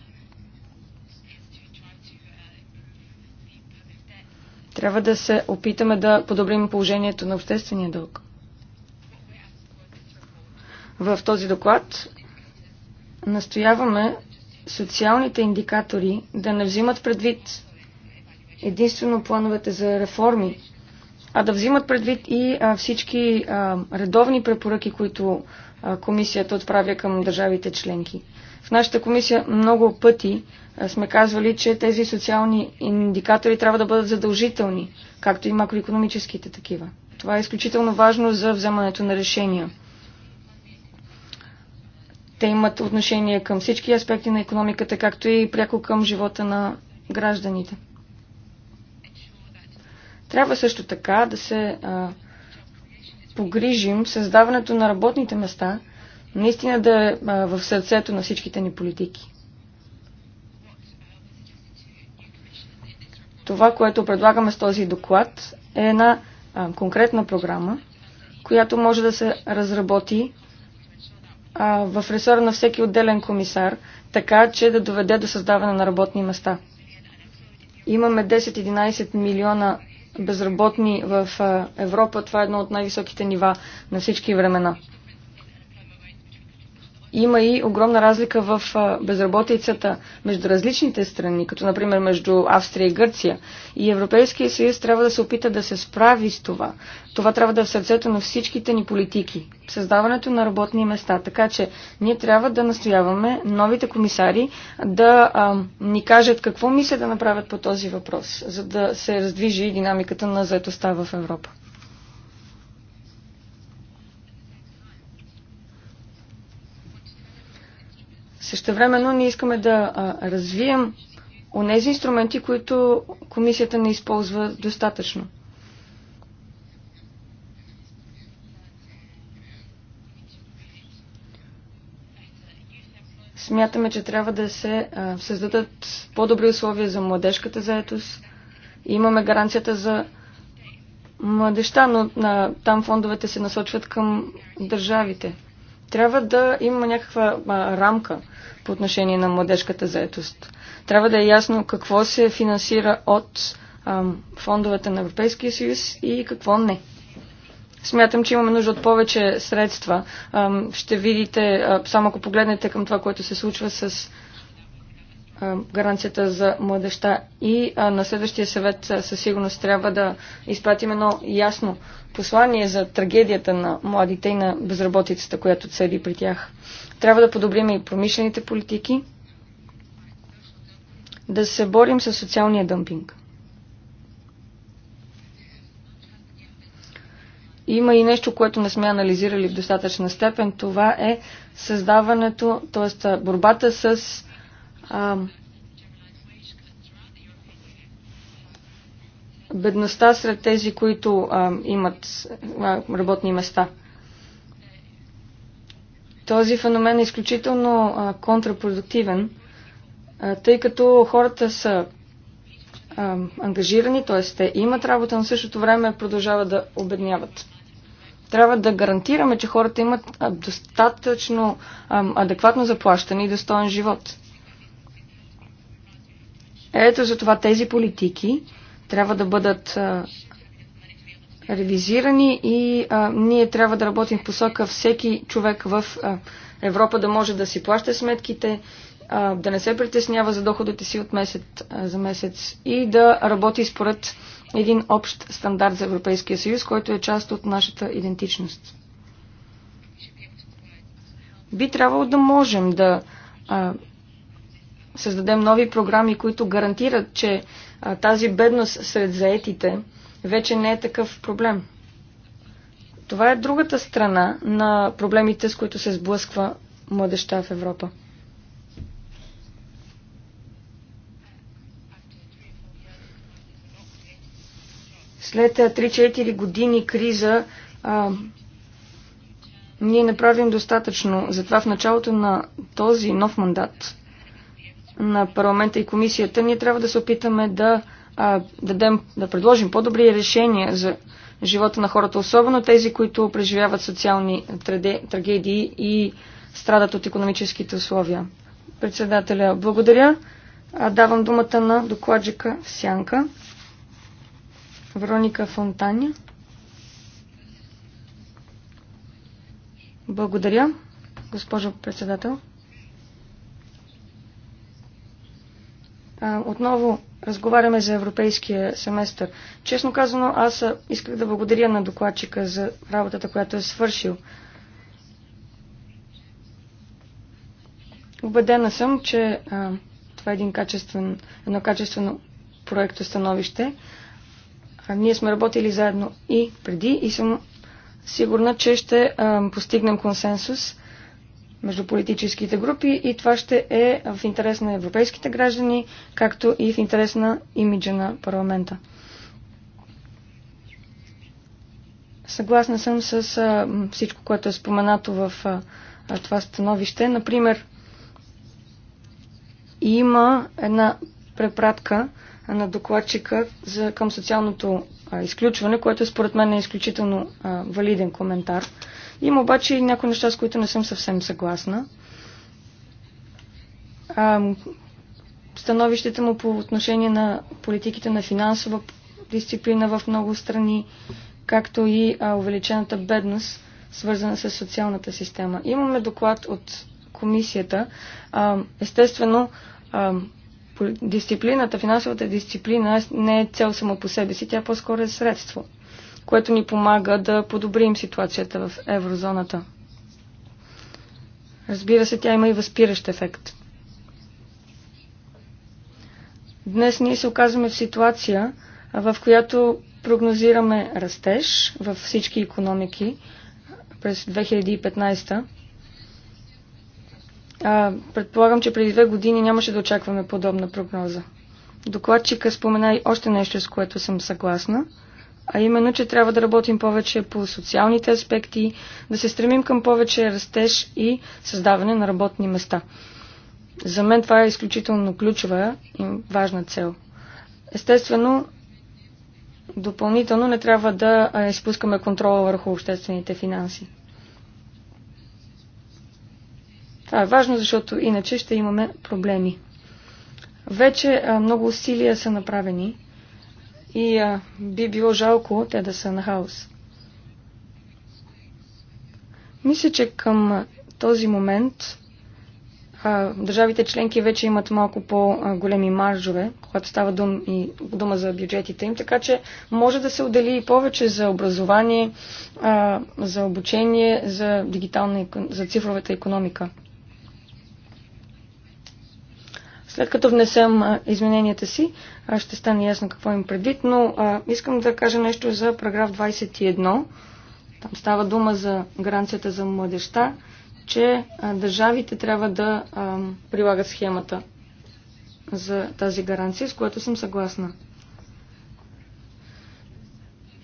Speaker 4: Трябва да се опитаме да подобрим положението на обществения дълг. В този доклад настояваме социалните индикатори да не взимат предвид единствено плановете за реформи, а да взимат предвид и всички редовни препоръки, които комисията отправя към държавите членки. В нашата комисия много пъти сме казвали, че тези социални индикатори трябва да бъдат задължителни, както и макроекономическите такива. Това е изключително важно за вземането на решения. Те имат отношение към всички аспекти на економиката, както и пряко към живота на гражданите. Трябва също така да се а, погрижим създаването на работните места наистина да е в сърцето на всичките ни политики. Това, което предлагаме с този доклад, е една а, конкретна програма, която може да се разработи а, в ресора на всеки отделен комисар, така че да доведе до създаване на работни места. Имаме 10-11 милиона безработни в Европа. Това е едно от най-високите нива на всички времена. Има и огромна разлика в безработицата между различните страни, като например между Австрия и Гърция. И Европейския съюз трябва да се опита да се справи с това. Това трябва да е в сърцето на всичките ни политики. Създаването на работни места. Така че ние трябва да настояваме новите комисари да а, ни кажат какво мислят да направят по този въпрос, за да се раздвижи динамиката на заетостта в Европа. Същевременно ние искаме да развием онези инструменти, които комисията не използва достатъчно. Смятаме, че трябва да се създадат по-добри условия за младежката заетост. Имаме гаранцията за младеща, но на, там фондовете се насочват към държавите. Трябва да има някаква а, рамка по отношение на младежката заетост. Трябва да е ясно какво се финансира от а, фондовете на Европейския съюз и какво не. Смятам, че имаме нужда от повече средства. А, ще видите, а, само ако погледнете към това, което се случва с гаранцията за младеща и на следващия съвет със сигурност трябва да изпратим едно ясно послание за трагедията на младите и на безработицата, която цели при тях. Трябва да подобрим и промишлените политики, да се борим с социалния дъмпинг. Има и нещо, което не сме анализирали в достатъчна степен. Това е създаването, т.е. борбата с бедността сред тези, които а, имат а, работни места. Този феномен е изключително а, контрапродуктивен, а, тъй като хората са а, ангажирани, т.е. те имат работа, но същото време продължават да обедняват. Трябва да гарантираме, че хората имат достатъчно а, адекватно заплащане и достоен живот. Ето затова тези политики трябва да бъдат ревизирани и а, ние трябва да работим в посока всеки човек в а, Европа да може да си плаща сметките, а, да не се притеснява за доходите си от месец а, за месец и да работи според един общ стандарт за Европейския съюз, който е част от нашата идентичност. Би трябвало да можем да а, създадем нови програми, които гарантират, че а, тази бедност сред заетите вече не е такъв проблем. Това е другата страна на проблемите, с които се сблъсква младеща в Европа. След 3-4 години криза а, ние направим достатъчно. Затова в началото на този нов мандат на парламента и комисията, ние трябва да се опитаме да, а, дадем, да предложим по-добри решения за живота на хората, особено тези, които преживяват социални трагедии и страдат от економическите условия. Председателя, благодаря. А давам думата на докладчика Сянка. Вероника Фонтаня. Благодаря, госпожо председател. отново разговаряме за европейския семестър. Честно казано, аз исках да благодаря на докладчика за работата, която е свършил. Убедена съм, че а, това е един качествен, едно качествено проекто становище. А, ние сме работили заедно и преди и съм сигурна, че ще а, постигнем консенсус между политическите групи и това ще е в интерес на европейските граждани, както и в интерес на имиджа на парламента. Съгласна съм с а, всичко, което е споменато в а, това становище. Например, има една препратка на докладчика за, към социалното а, изключване, което според мен е изключително а, валиден коментар. А, има обаче и някои неща, с които не съм съвсем съгласна. А, становищите му по отношение на политиките на финансова дисциплина в много страни, както и а, увеличената бедност, свързана с социалната система. Имаме доклад от комисията. А, естествено, а, дисциплината, финансовата дисциплина не е цел само по себе си, тя по-скоро е средство което ни помага да подобрим ситуацията в еврозоната. Разбира се, тя има и възпиращ ефект. Днес ние се оказваме в ситуация, в която прогнозираме растеж във всички економики през 2015. А, предполагам, че преди две години нямаше да очакваме подобна прогноза. Докладчика спомена и още нещо, с което съм съгласна – а именно, че трябва да работим повече по социалните аспекти, да се стремим към повече растеж и създаване на работни места. За мен това е изключително ключова и важна цел. Естествено, допълнително не трябва да изпускаме контрола върху обществените финанси. Това е важно, защото иначе ще имаме проблеми. Вече много усилия са направени и а, би било жалко те да са на хаос. Мисля, че към този момент а, държавите членки вече имат малко по-големи маржове, когато става дум и, дума за бюджетите им, така че може да се отдели и повече за образование, а, за обучение, за, дигитална, за цифровата економика. След като внесем измененията си, ще стане ясно какво им предвид, но а, искам да кажа нещо за параграф 21. Там става дума за гаранцията за младеща, че а, държавите трябва да а, прилагат схемата за тази гаранция, с която съм съгласна.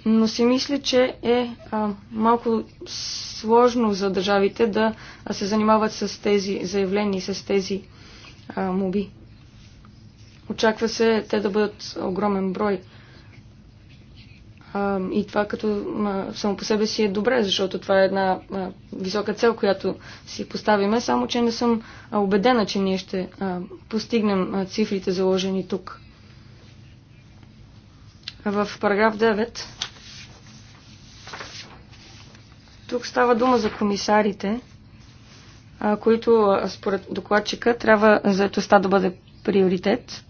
Speaker 4: Но си мисля, че е а, малко сложно за държавите да се занимават с тези заявления с тези а, моби. Очаква се те да бъдат огромен брой. А, и това като а, само по себе си е добре, защото това е една а, висока цел, която си поставиме, само че не съм а, убедена, че ние ще а, постигнем а, цифрите заложени тук. В параграф 9 тук става дума за комисарите, а, които а, според докладчика трябва заетостта да бъде приоритет.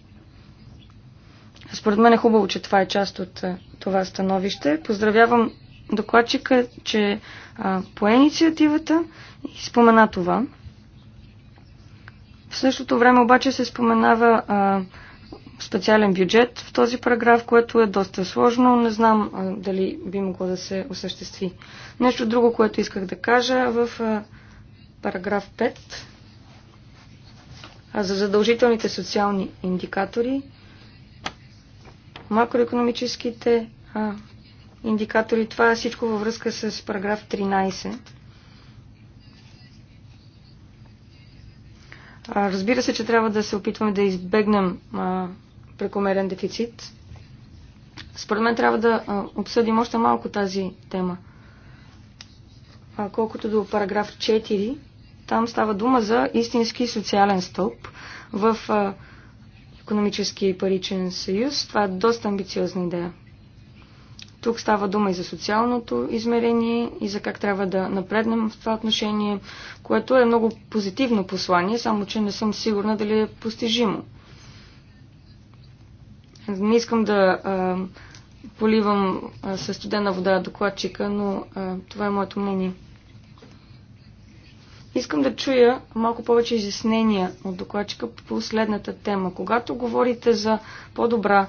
Speaker 4: Според мен е хубаво, че това е част от е, това становище. Поздравявам докладчика, че а, е, по инициативата и спомена това. В същото време обаче се споменава а, е, специален бюджет в този параграф, което е доста сложно. Не знам а, дали би могло да се осъществи. Нещо друго, което исках да кажа в а, параграф 5 а, за задължителните социални индикатори. Макроекономическите а, индикатори, това е всичко във връзка с параграф 13. А, разбира се, че трябва да се опитваме да избегнем а, прекомерен дефицит. Според мен трябва да а, обсъдим още малко тази тема. А, колкото до параграф 4, там става дума за истински социален стълб. В а, економически и паричен съюз. Това е доста амбициозна идея. Тук става дума и за социалното измерение и за как трябва да напреднем в това отношение, което е много позитивно послание, само че не съм сигурна дали е постижимо. Не искам да а, поливам със студена вода докладчика, но а, това е моето мнение. Искам да чуя малко повече изяснения от докладчика по следната тема. Когато говорите за по-добра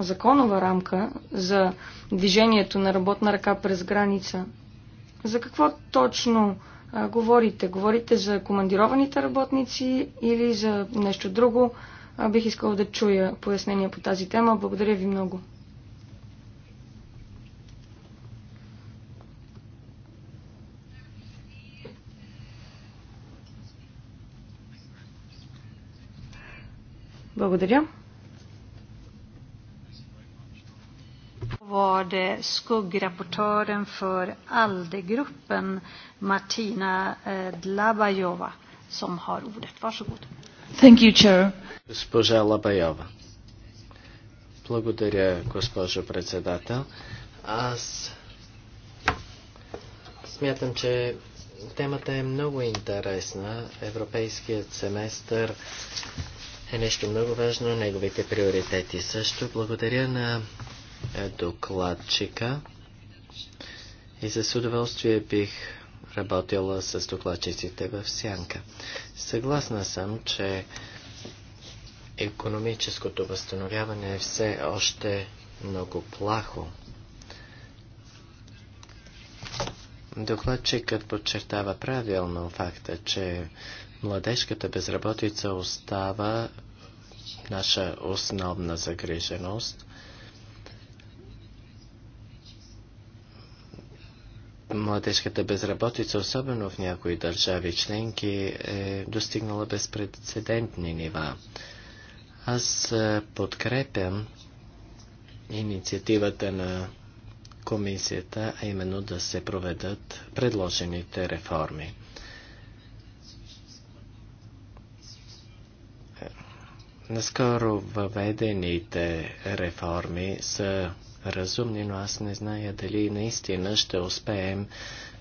Speaker 4: законова рамка за движението на работна ръка през граница, за какво точно а, говорите? Говорите за командированите работници или за нещо друго? А, бих искал да чуя пояснения по тази тема. Благодаря ви много. Благодаря.
Speaker 1: var det skuggrapportören för ALDE-gruppen, Martina eh, Dlabajova, som har ordet. Varsågod. Thank you, Chair.
Speaker 2: Госпожа Лабаева. Благодаря, госпожо председател. Аз смятам, че темата е много интересна. Европейският семестър е нещо много важно, неговите приоритети също. Благодаря на е, докладчика и с удоволствие бих работила с докладчиците в Сянка. Съгласна съм, че економическото възстановяване е все още много плахо. Докладчикът подчертава правилно факта, че Младежката безработица остава наша основна загриженост. Младежката безработица, особено в някои държави членки, е достигнала безпредседентни нива. Аз подкрепям инициативата на комисията, а именно да се проведат предложените реформи. Наскоро въведените реформи са разумни, но аз не зная дали наистина ще успеем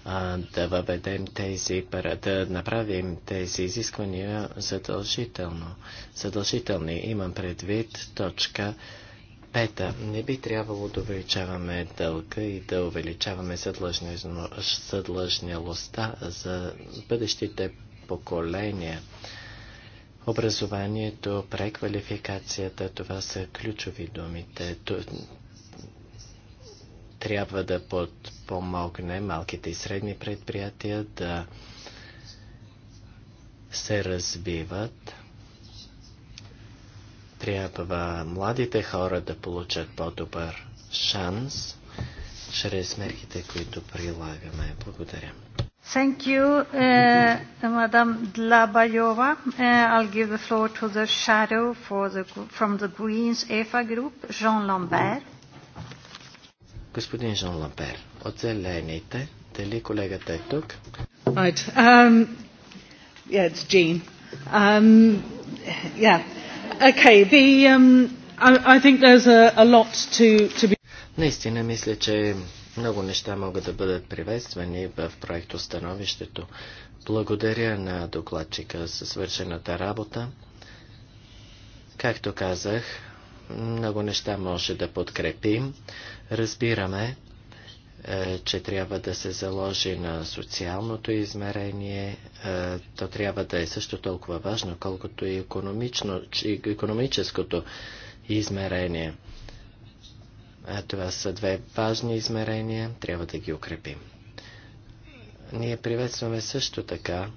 Speaker 2: а, да въведем тези, да направим тези изисквания задължително. Задължителни имам предвид точка Пета, не би трябвало да увеличаваме дълга и да увеличаваме задлъжнялостта за бъдещите поколения. Образованието, преквалификацията, това са ключови думите. Трябва да подпомогне малките и средни предприятия да се развиват. Трябва младите хора да получат по-добър шанс чрез мерките, които прилагаме. Благодаря.
Speaker 1: Thank you, uh, Madam I'll give the floor to the shadow from the Greens EFA group, Jean Lambert.
Speaker 2: Господин Жан Лампер, от дали колегата е тук?
Speaker 1: Right. Um, yeah, it's Jean. Um,
Speaker 2: yeah. Okay, the, um, I, I think there's a, a lot to, to be... Наистина мисля, че много неща могат да бъдат приветствани в проекто становището. Благодаря на докладчика за свършената работа. Както казах, много неща може да подкрепим. Разбираме, е, че трябва да се заложи на социалното измерение, е, то трябва да е също толкова важно, колкото и економическото измерение. Това са две важни измерения, трябва да ги укрепим. Ние приветстваме също така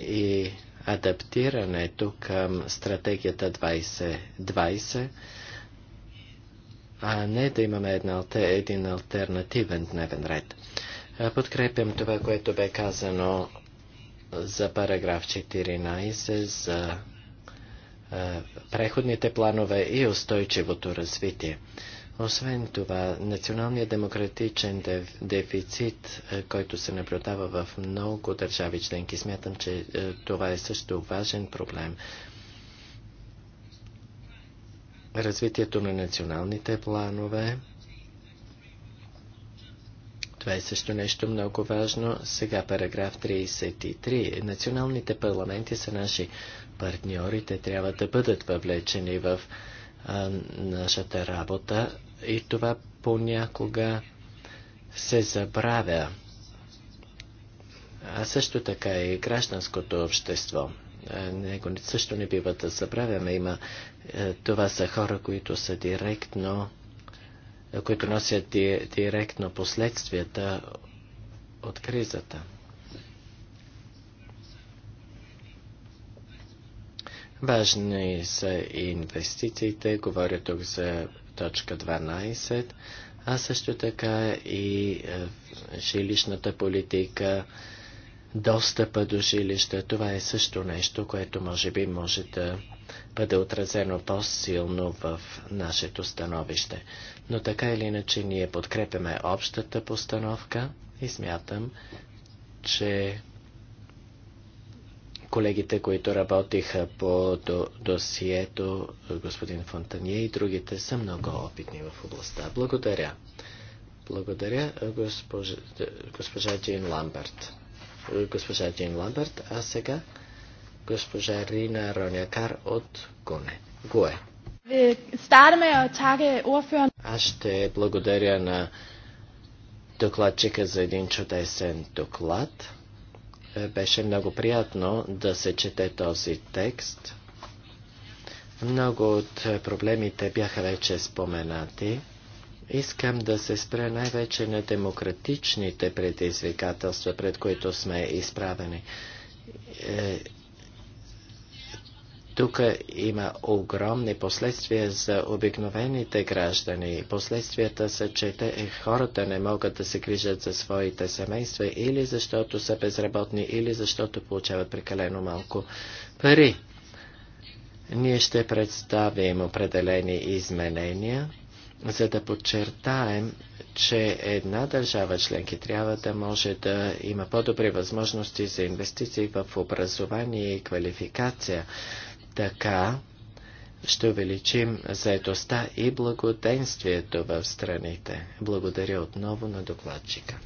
Speaker 2: и адаптирането към стратегията 2020, 20, а не да имаме една, един альтернативен дневен ред. Подкрепям това, което бе казано за параграф 14, за е, преходните планове и устойчивото развитие. Освен това, националният демократичен дефицит, е, който се наблюдава в много държави членки, смятам, че е, това е също важен проблем. Развитието на националните планове. Това е също нещо много важно. Сега параграф 33. Националните парламенти са наши партньорите трябва да бъдат въвлечени в а, нашата работа и това понякога се забравя. А също така и гражданското общество. Него също не бива да забравяме. Има, е, това са хора, които са директно, които носят директно последствията от кризата. Важни са и инвестициите, говоря тук за точка 12, а също така и е, жилищната политика, достъпа до жилища. Това е също нещо, което може би може да бъде отразено по-силно в нашето становище. Но така или иначе ние подкрепяме общата постановка и смятам, че колегите, които работиха по досието, господин Фонтание и другите са много опитни в областта. Благодаря. Благодаря, госпожа, госпожа Джейн Ламберт. Госпожа Джейн Ламберт, а сега госпожа Рина Ронякар от Гуне. Гуе. Аз ще благодаря на докладчика за един чудесен доклад. Е, беше много приятно да се чете този текст. Много от проблемите бяха вече споменати. Искам да се спра най-вече на демократичните предизвикателства, пред които сме изправени. Е, тук има огромни последствия за обикновените граждани. Последствията са, че те, е, хората не могат да се грижат за своите семейства или защото са безработни, или защото получават прекалено малко пари. Ние ще представим определени изменения, за да подчертаем, че една държава членки трябва да може да има по-добри възможности за инвестиции в образование и квалификация. Така ще увеличим заедостта и благоденствието в страните. Благодаря отново на докладчика.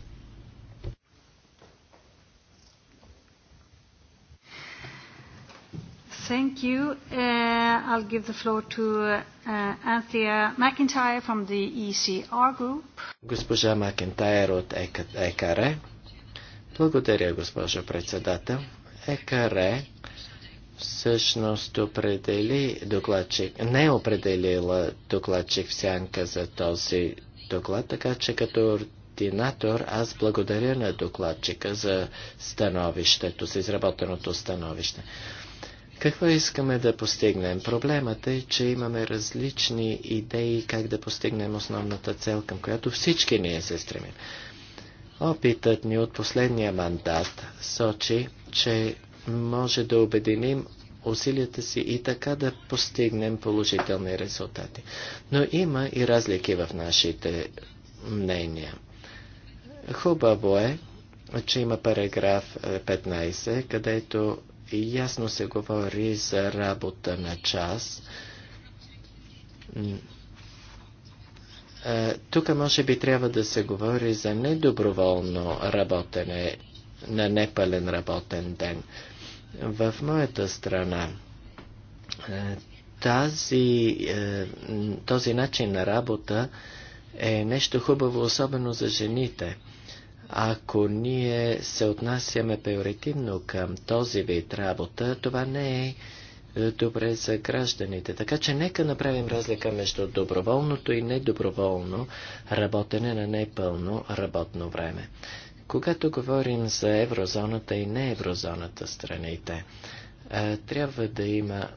Speaker 1: Thank you. Uh, I'll give the floor to uh, Anthea McIntyre from the ECR group.
Speaker 2: Госпожа Макентайр от ЕКР. Благодаря, госпожа председател. ЕКР всъщност определи докладчик, не е определила докладчик в сянка за този доклад, така че като координатор аз благодаря на докладчика за становището, за изработеното становище. Какво искаме да постигнем? Проблемът е, че имаме различни идеи как да постигнем основната цел, към която всички ние се стремим. Опитът ни от последния мандат сочи, че може да обединим усилията си и така да постигнем положителни резултати. Но има и разлики в нашите мнения. Хубаво е, че има параграф 15, е, където ясно се говори за работа на час. Е, тук може би трябва да се говори за недоброволно работене на непълен работен ден. В моята страна е, тази, е, този начин на работа е нещо хубаво, особено за жените. Ако ние се отнасяме приоритивно към този вид работа, това не е, е добре за гражданите. Така че нека направим разлика между доброволното и недоброволно работене на непълно работно време. Когато говорим за еврозоната и не еврозоната страните, трябва да има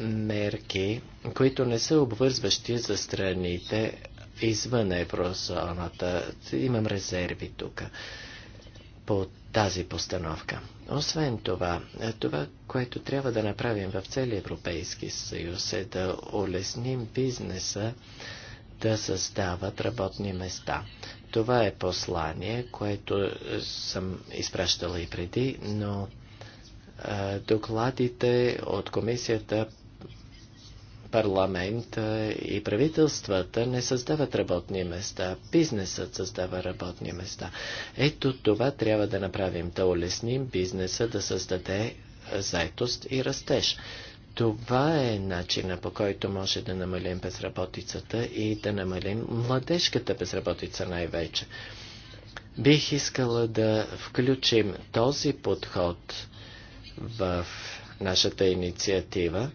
Speaker 2: мерки, които не са обвързващи за страните извън еврозоната. Имам резерви тук по тази постановка. Освен това, това, което трябва да направим в целия Европейски съюз е да улесним бизнеса да създават работни места. Това е послание, което е, съм изпращала и преди, но е, докладите от комисията, парламента и правителствата не създават работни места. Бизнесът създава работни места. Ето това трябва да направим, да улесним бизнеса да създаде е, заетост и растеж. Това е начина по който може да намалим безработицата и да намалим младежката безработица най-вече. Бих искала да включим този подход в нашата инициатива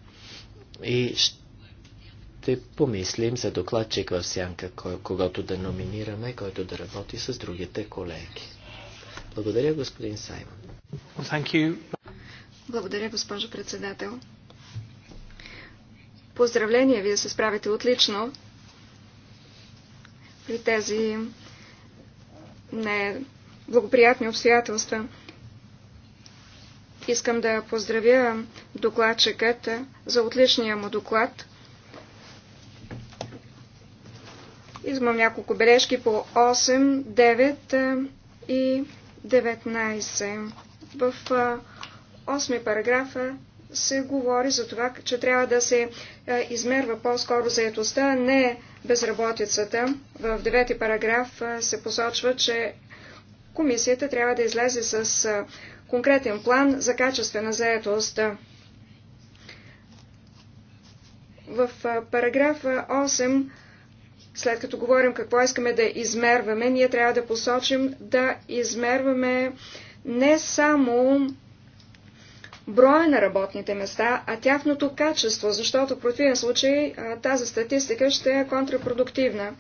Speaker 2: и ще помислим за докладчик в сянка, когато да номинираме, който да работи с другите колеги. Благодаря, господин Саймон.
Speaker 3: Благодаря, госпожо председател. Поздравления, вие се справите отлично при тези неблагоприятни обстоятелства. Искам да поздравя докладчикът за отличния му доклад. Измам няколко бележки по 8, 9 и 19. В 8 параграфа се говори за това, че трябва да се е, измерва по-скоро заетостта, не безработицата. В девети параграф е, се посочва, че комисията трябва да излезе с е, конкретен план за качествена заетост. В параграф 8 след като говорим какво искаме да измерваме, ние трябва да посочим да измерваме не само броя на работните места, а тяхното качество, защото в противен случай тази статистика ще е контрапродуктивна.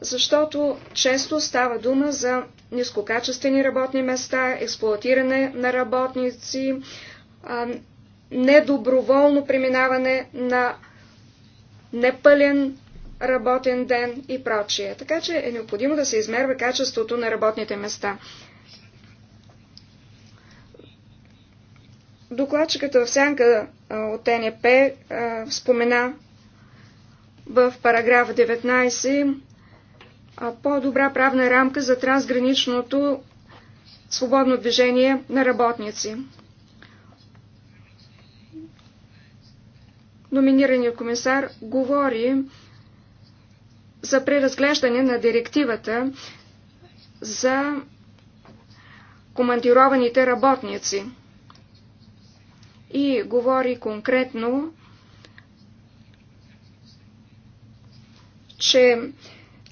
Speaker 3: Защото често става дума за нискокачествени работни места, експлуатиране на работници, недоброволно преминаване на непълен работен ден и прочие. Така че е необходимо да се измерва качеството на работните места. Докладчиката в сянка от НП спомена в параграф 19 по-добра правна рамка за трансграничното свободно движение на работници. Номинираният комисар говори за преразглеждане на директивата за командированите работници и говори конкретно, че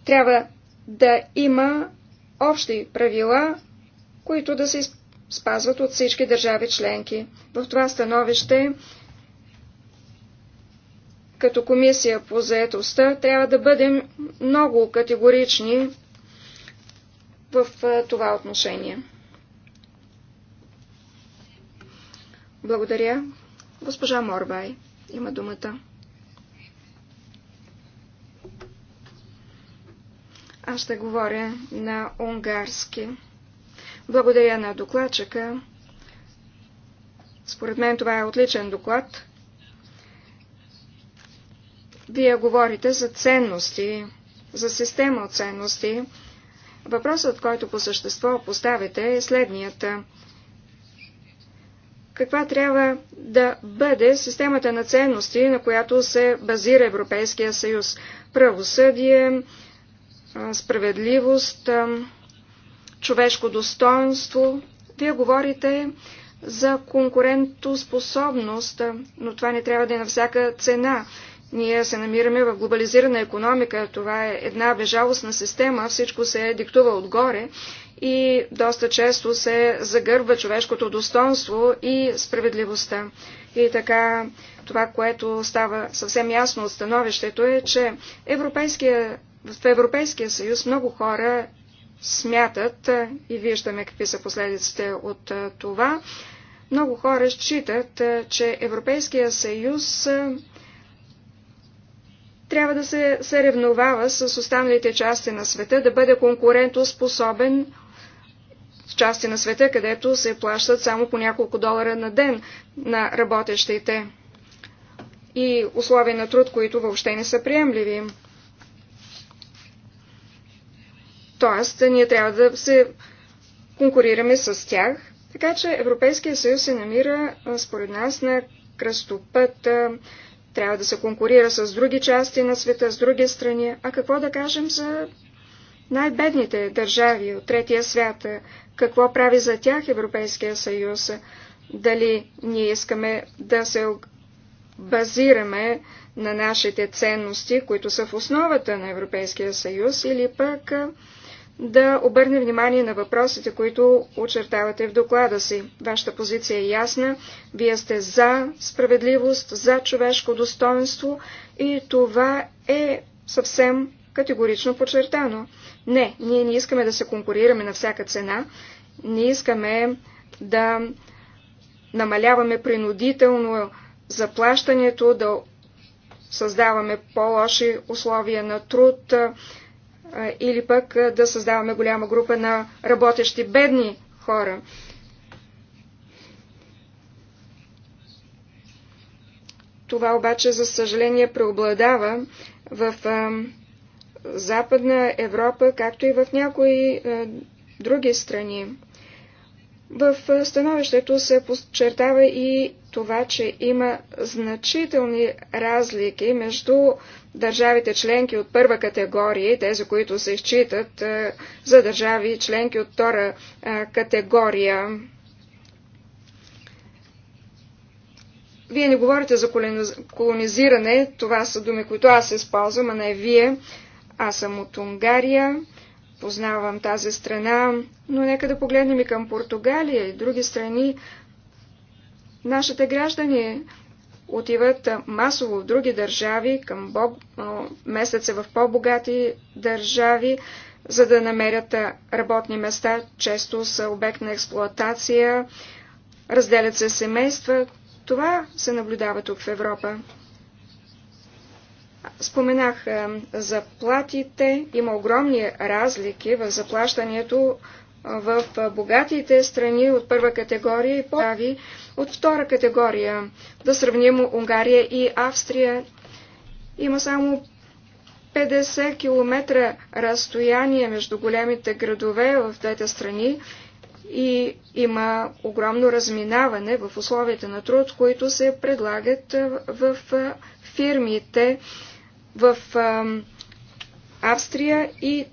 Speaker 3: трябва да има общи правила, които да се спазват от всички държави членки. В това становище като комисия по заетостта трябва да бъдем много категорични в това отношение. Благодаря. Госпожа Морбай има думата. Аз ще говоря на унгарски. Благодаря на докладчика. Според мен това е отличен доклад. Вие говорите за ценности, за система от ценности. Въпросът, който по същество поставите е следният каква трябва да бъде системата на ценности, на която се базира Европейския съюз. Правосъдие, справедливост, човешко достоинство. Вие говорите за конкурентоспособност, но това не трябва да е на всяка цена. Ние се намираме в глобализирана економика, това е една безжалостна система, всичко се е диктува отгоре и доста често се загърва човешкото достоинство и справедливостта. И така, това, което става съвсем ясно от становището е, че Европейския, в Европейския съюз много хора смятат, и виждаме какви са последиците от това, много хора считат, че Европейския съюз трябва да се съревновава с останалите части на света, да бъде конкурентоспособен части на света, където се плащат само по няколко долара на ден на работещите и условия на труд, които въобще не са приемливи. Тоест, ние трябва да се конкурираме с тях. Така че Европейския съюз се намира, според нас, на кръстопът. Трябва да се конкурира с други части на света, с други страни. А какво да кажем за най-бедните държави от третия свят? какво прави за тях Европейския съюз. Дали ние искаме да се базираме на нашите ценности, които са в основата на Европейския съюз, или пък да обърне внимание на въпросите, които очертавате в доклада си. Вашата позиция е ясна. Вие сте за справедливост, за човешко достоинство и това е съвсем категорично подчертано. Не, ние не искаме да се конкурираме на всяка цена. Не искаме да намаляваме принудително заплащането, да създаваме по-лоши условия на труд или пък да създаваме голяма група на работещи бедни хора. Това обаче, за съжаление, преобладава в Западна Европа, както и в някои е, други страни. В е, становището се подчертава и това, че има значителни разлики между държавите членки от първа категория и тези, които се считат е, за държави членки от втора категория. Вие не говорите за колонизиране, това са думи, които аз използвам, а не вие. Аз съм от Унгария, познавам тази страна, но нека да погледнем и към Португалия и други страни. Нашите граждани отиват масово в други държави, към Бог, месеца се в по-богати държави, за да намерят работни места, често са обект на експлоатация, разделят се семейства. Това се наблюдава тук в Европа. Споменах е, заплатите. Има огромни разлики в заплащането е, в богатите страни от първа категория и по-прави от втора категория. Да сравним Унгария и Австрия. Има само 50 км разстояние между големите градове в двете страни и има огромно разминаване в условията на труд, които се предлагат е, в фирмите в Австрия и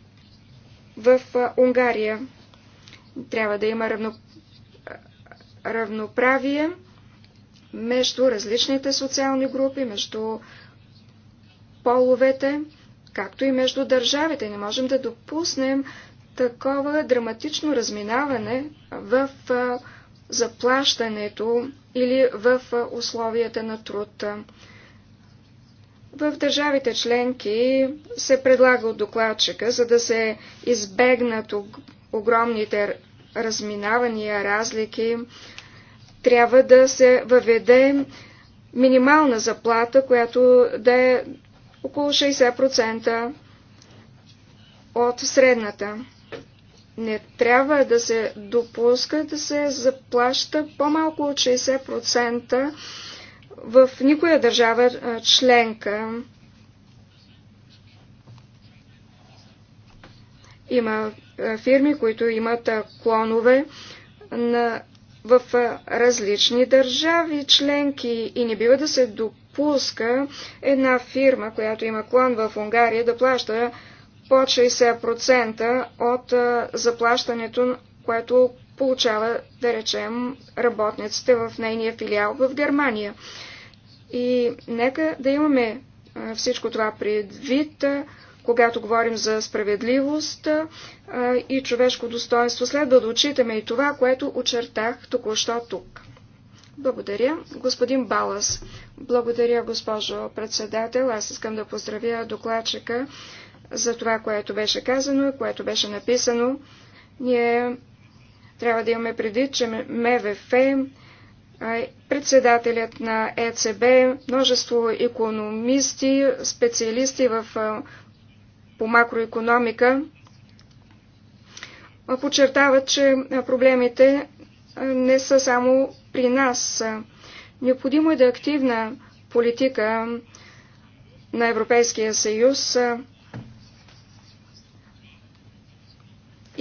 Speaker 3: в Унгария. Трябва да има равно... равноправие между различните социални групи, между половете, както и между държавите. Не можем да допуснем такова драматично разминаване в заплащането или в условията на труд. В държавите членки се предлага от докладчика, за да се избегнат огромните разминавания, разлики, трябва да се въведе минимална заплата, която да е около 60% от средната. Не трябва да се допуска да се заплаща по-малко от 60% в никоя държава членка има фирми, които имат клонове на, в различни държави членки и не бива да се допуска една фирма, която има клон в Унгария, да плаща по 60% от заплащането, което получава, да речем, работниците в нейния филиал в Германия. И нека да имаме всичко това предвид, когато говорим за справедливост и човешко достоинство. Следва да отчитаме и това, което очертах току-що тук. Благодаря, господин Балас. Благодаря, госпожо председател. Аз искам да поздравя докладчика за това, което беше казано и което беше написано. Ние трябва да имаме предвид, че МВФ председателят на ЕЦБ, множество економисти, специалисти в, по макроекономика подчертават, че проблемите не са само при нас. Необходимо е да е активна политика на Европейския съюз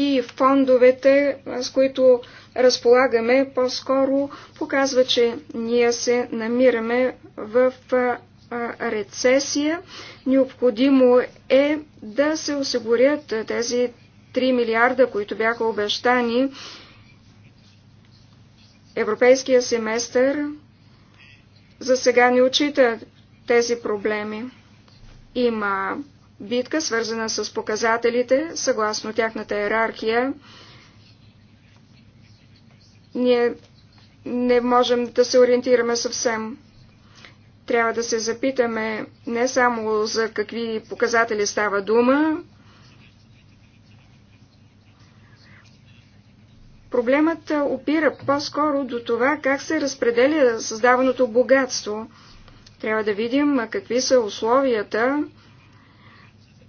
Speaker 3: и фондовете, с които разполагаме, по-скоро показва, че ние се намираме в рецесия. Необходимо е да се осигурят тези 3 милиарда, които бяха обещани. Европейския семестър за сега не очита тези проблеми. Има битка, свързана с показателите, съгласно тяхната иерархия. Ние не можем да се ориентираме съвсем. Трябва да се запитаме не само за какви показатели става дума. Проблемът опира по-скоро до това как се разпределя създаваното богатство. Трябва да видим какви са условията,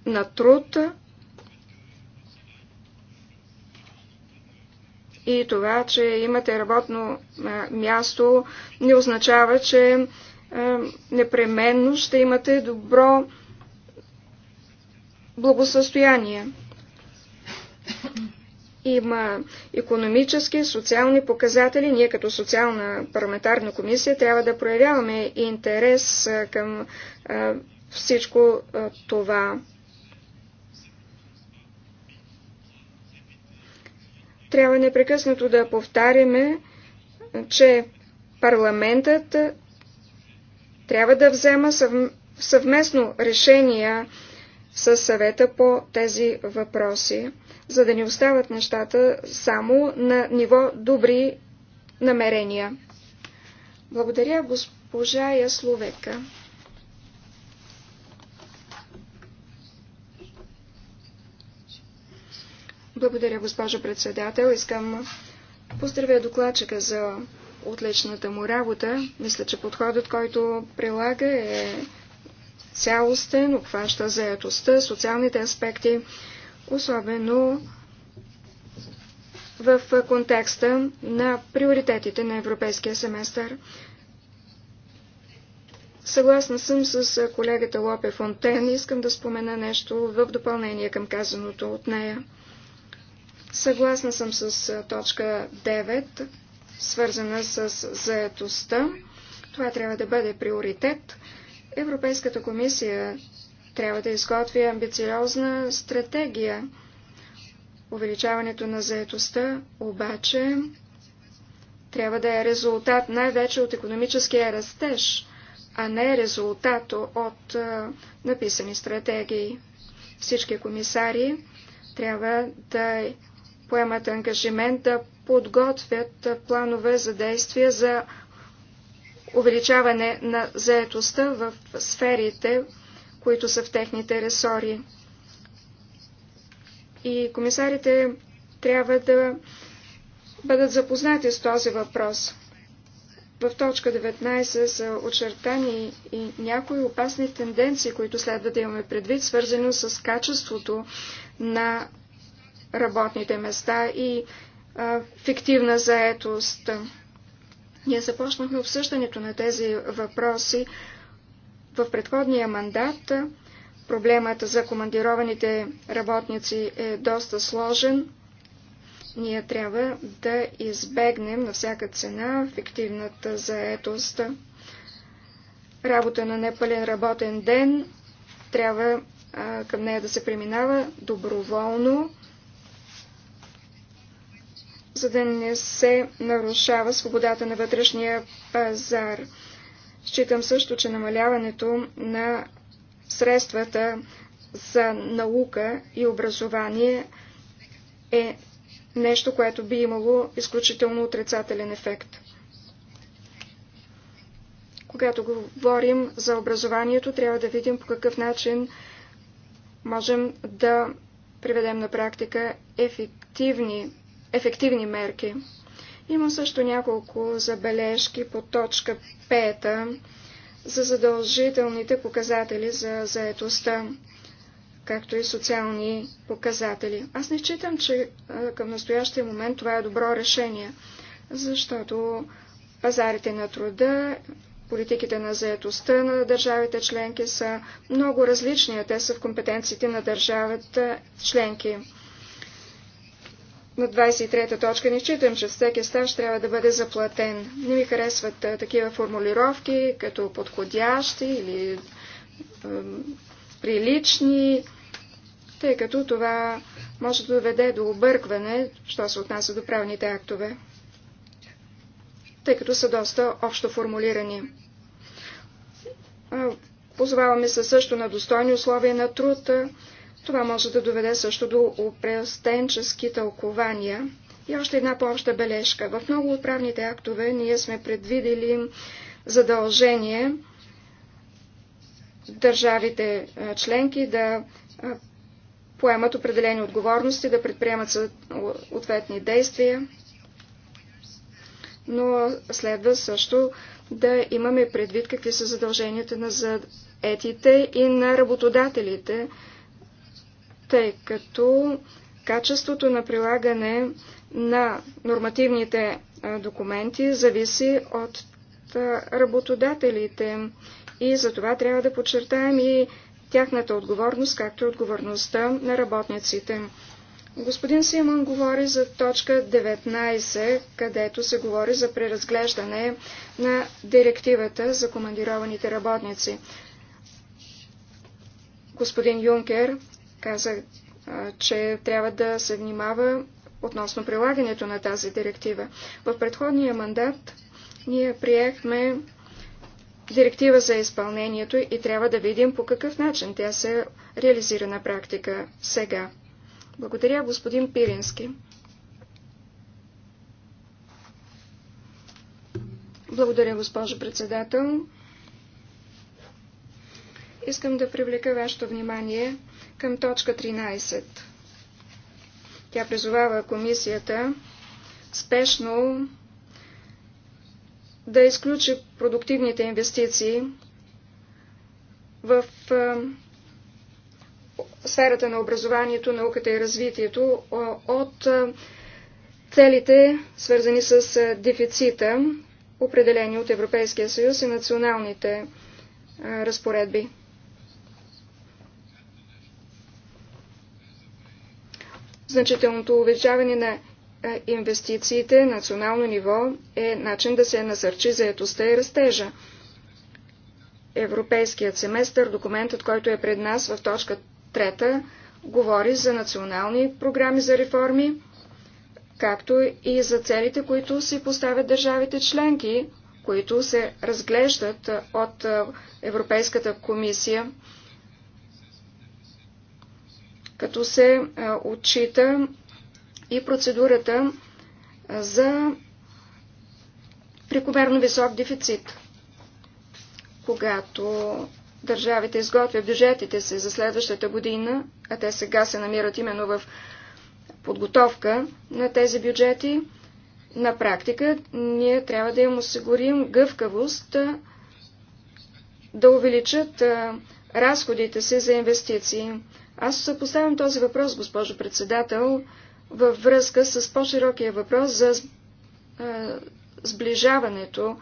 Speaker 3: на труд и това, че имате работно място, не означава, че непременно ще имате добро благосъстояние. Има економически, социални показатели. Ние като социална парламентарна комисия трябва да проявяваме интерес към всичко това. Трябва непрекъснато да повтаряме, че парламентът трябва да взема съвместно решения с съвета по тези въпроси, за да не остават нещата само на ниво добри намерения. Благодаря госпожа Ясловека. Благодаря, госпожо председател. Искам поздравя докладчика за отличната му работа. Мисля, че подходът, който прилага е цялостен, обхваща заетостта, социалните аспекти, особено в контекста на приоритетите на европейския семестър. Съгласна съм с колегата Лопе Фонтен. Искам да спомена нещо в допълнение към казаното от нея. Съгласна съм с точка 9, свързана с заетостта. Това трябва да бъде приоритет. Европейската комисия трябва да изготви амбициозна стратегия. Увеличаването на заетостта обаче трябва да е резултат най-вече от економическия растеж, а не резултат от написани стратегии. Всички комисари трябва да поемат ангажимент да подготвят планове за действия за увеличаване на заетостта в сферите, които са в техните ресори. И комисарите трябва да бъдат запознати с този въпрос. В точка 19 са очертани и някои опасни тенденции, които следва да имаме предвид, свързани с качеството на работните места и а, фиктивна заетост. Ние започнахме обсъждането на тези въпроси в предходния мандат. Проблемата за командированите работници е доста сложен. Ние трябва да избегнем на всяка цена фиктивната заетост. Работа на непълен работен ден трябва а, към нея да се преминава доброволно за да не се нарушава свободата на вътрешния пазар. Считам също, че намаляването на средствата за наука и образование е нещо, което би имало изключително отрицателен ефект. Когато говорим за образованието, трябва да видим по какъв начин можем да приведем на практика ефективни ефективни мерки. Има също няколко забележки по точка 5 за задължителните показатели за заетостта, както и социални показатели. Аз не считам, че към настоящия момент това е добро решение, защото пазарите на труда, политиките на заетостта на държавите членки са много различни, те са в компетенциите на държавата членки на 23-та точка не считам, че всеки стаж трябва да бъде заплатен. Не ми харесват а, такива формулировки, като подходящи или а, прилични, тъй като това може да доведе до объркване, що се отнася до правните актове, тъй като са доста общо формулирани. Позваваме се също на достойни условия на труд, това може да доведе също до упрестенчески тълкования. И още една по-обща бележка. В много от правните актове ние сме предвидели задължение държавите членки да поемат определени отговорности, да предприемат ответни действия, но следва също да имаме предвид какви са задълженията на заетите и на работодателите, тъй като качеството на прилагане на нормативните документи зависи от работодателите и за това трябва да подчертаем и тяхната отговорност, както и отговорността на работниците. Господин Симон говори за точка 19, където се говори за преразглеждане на директивата за командированите работници. Господин Юнкер каза, че трябва да се внимава относно прилагането на тази директива. В предходния мандат ние приехме директива за изпълнението и трябва да видим по какъв начин тя се реализира на практика сега. Благодаря, господин Пирински. Благодаря, госпожо председател. Искам да привлека вашето внимание към точка 13. Тя призовава комисията спешно да изключи продуктивните инвестиции в сферата на образованието, науката и развитието от целите, свързани с дефицита, определени от Европейския съюз и националните разпоредби. Значителното увеличаване на инвестициите на национално ниво е начин да се насърчи заетостта и растежа. Европейският семестър, документът, който е пред нас в точка 3, говори за национални програми за реформи, както и за целите, които си поставят държавите членки, които се разглеждат от Европейската комисия като се отчита и процедурата за прекомерно висок дефицит. Когато държавите изготвят бюджетите си за следващата година, а те сега се намират именно в подготовка на тези бюджети, на практика ние трябва да им осигурим гъвкавост да увеличат разходите си за инвестиции. Аз поставям този въпрос, госпожо председател, във връзка с по-широкия въпрос за сближаването,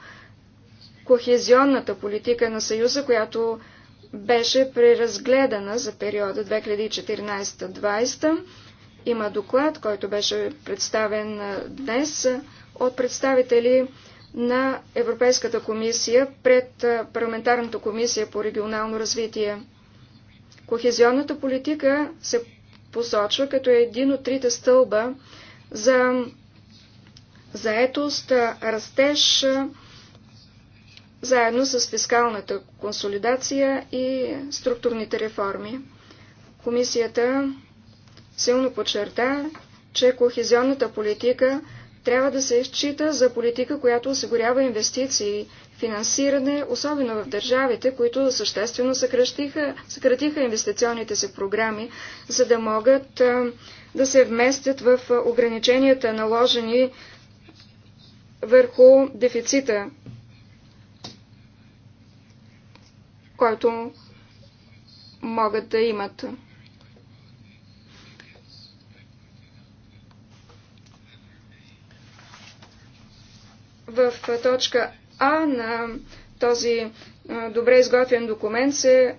Speaker 3: кохезионната политика на Съюза, която беше преразгледана за периода 2014-2020. Има доклад, който беше представен днес от представители на Европейската комисия пред Парламентарната комисия по регионално развитие. Кохезионната политика се посочва като един от трите стълба за заетост, растеж, заедно с фискалната консолидация и структурните реформи. Комисията силно подчерта, че кохезионната политика – трябва да се счита за политика, която осигурява инвестиции, финансиране, особено в държавите, които съществено съкратиха, съкратиха инвестиционните си програми, за да могат да се вместят в ограниченията наложени върху дефицита, който могат да имат. В точка А на този добре изготвен документ се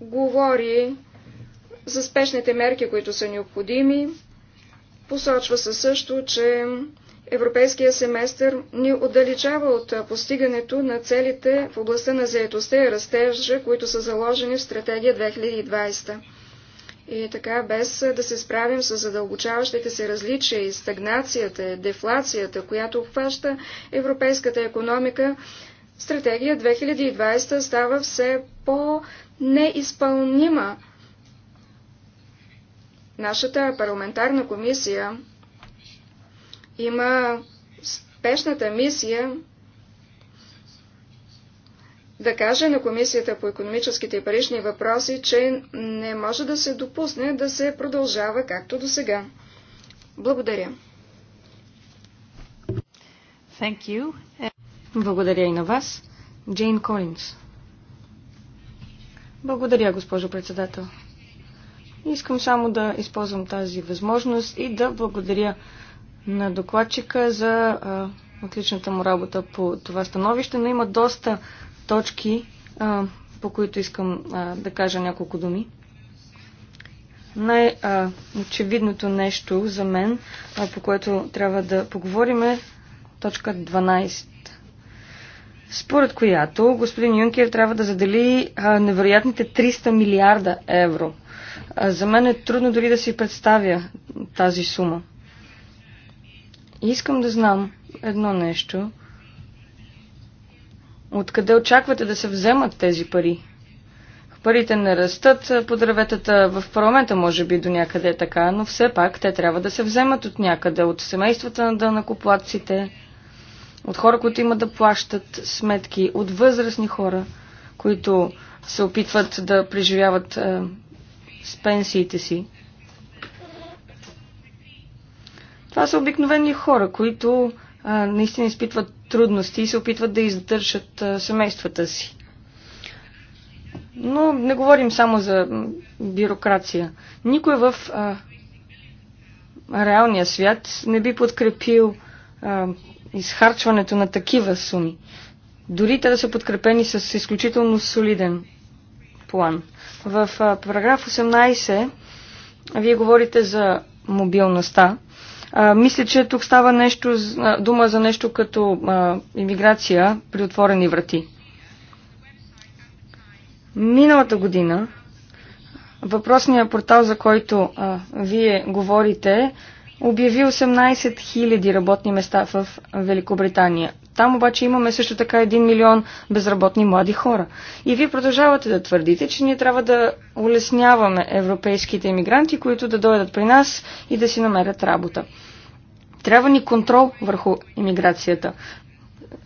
Speaker 3: говори за спешните мерки, които са необходими. Посочва се също, че Европейския семестър ни отдалечава от постигането на целите в областта на заетостта и растежа, които са заложени в стратегия 2020. И така, без да се справим с задълбочаващите се различия и стагнацията, дефлацията, която обхваща европейската економика, стратегия 2020 става все по-неизпълнима. Нашата парламентарна комисия има спешната мисия да каже на Комисията по економическите и парични въпроси, че не може да се допусне да се продължава както до сега. Благодаря.
Speaker 4: Thank you. Благодаря и на вас. Джейн Колинс. Благодаря, госпожо председател. Искам само да използвам тази възможност и да благодаря на докладчика за а, отличната му работа по това становище, но има доста точки, а, по които искам а, да кажа няколко думи. Най-очевидното нещо за мен, а, по което трябва да поговорим е точка 12 според която господин Юнкер трябва да задели а, невероятните 300 милиарда евро. А, за мен е трудно дори да си представя тази сума. И искам да знам едно нещо. Откъде очаквате да се вземат тези пари? Парите не растат по дърветата в парламента, може би до някъде е така, но все пак те трябва да се вземат от някъде, от семействата на дънакоплатците, от хора, които имат да плащат сметки, от възрастни хора, които се опитват да преживяват е, с пенсиите си. Това са обикновени хора, които е, наистина изпитват трудности и се опитват да издържат семействата си. Но не говорим само за бюрокрация. Никой в а, реалния свят не би подкрепил а, изхарчването на такива суми. Дори те да са подкрепени с изключително солиден план. В а, параграф 18 вие говорите за мобилността. А, мисля, че тук става нещо, дума за нещо като а, иммиграция при отворени врати. Миналата година въпросният портал, за който а, вие говорите, обяви 18 000 работни места в Великобритания. Там обаче имаме също така 1 милион безработни млади хора. И вие продължавате да твърдите, че ние трябва да улесняваме европейските иммигранти, които да дойдат при нас и да си намерят работа. Трябва ни контрол върху иммиграцията.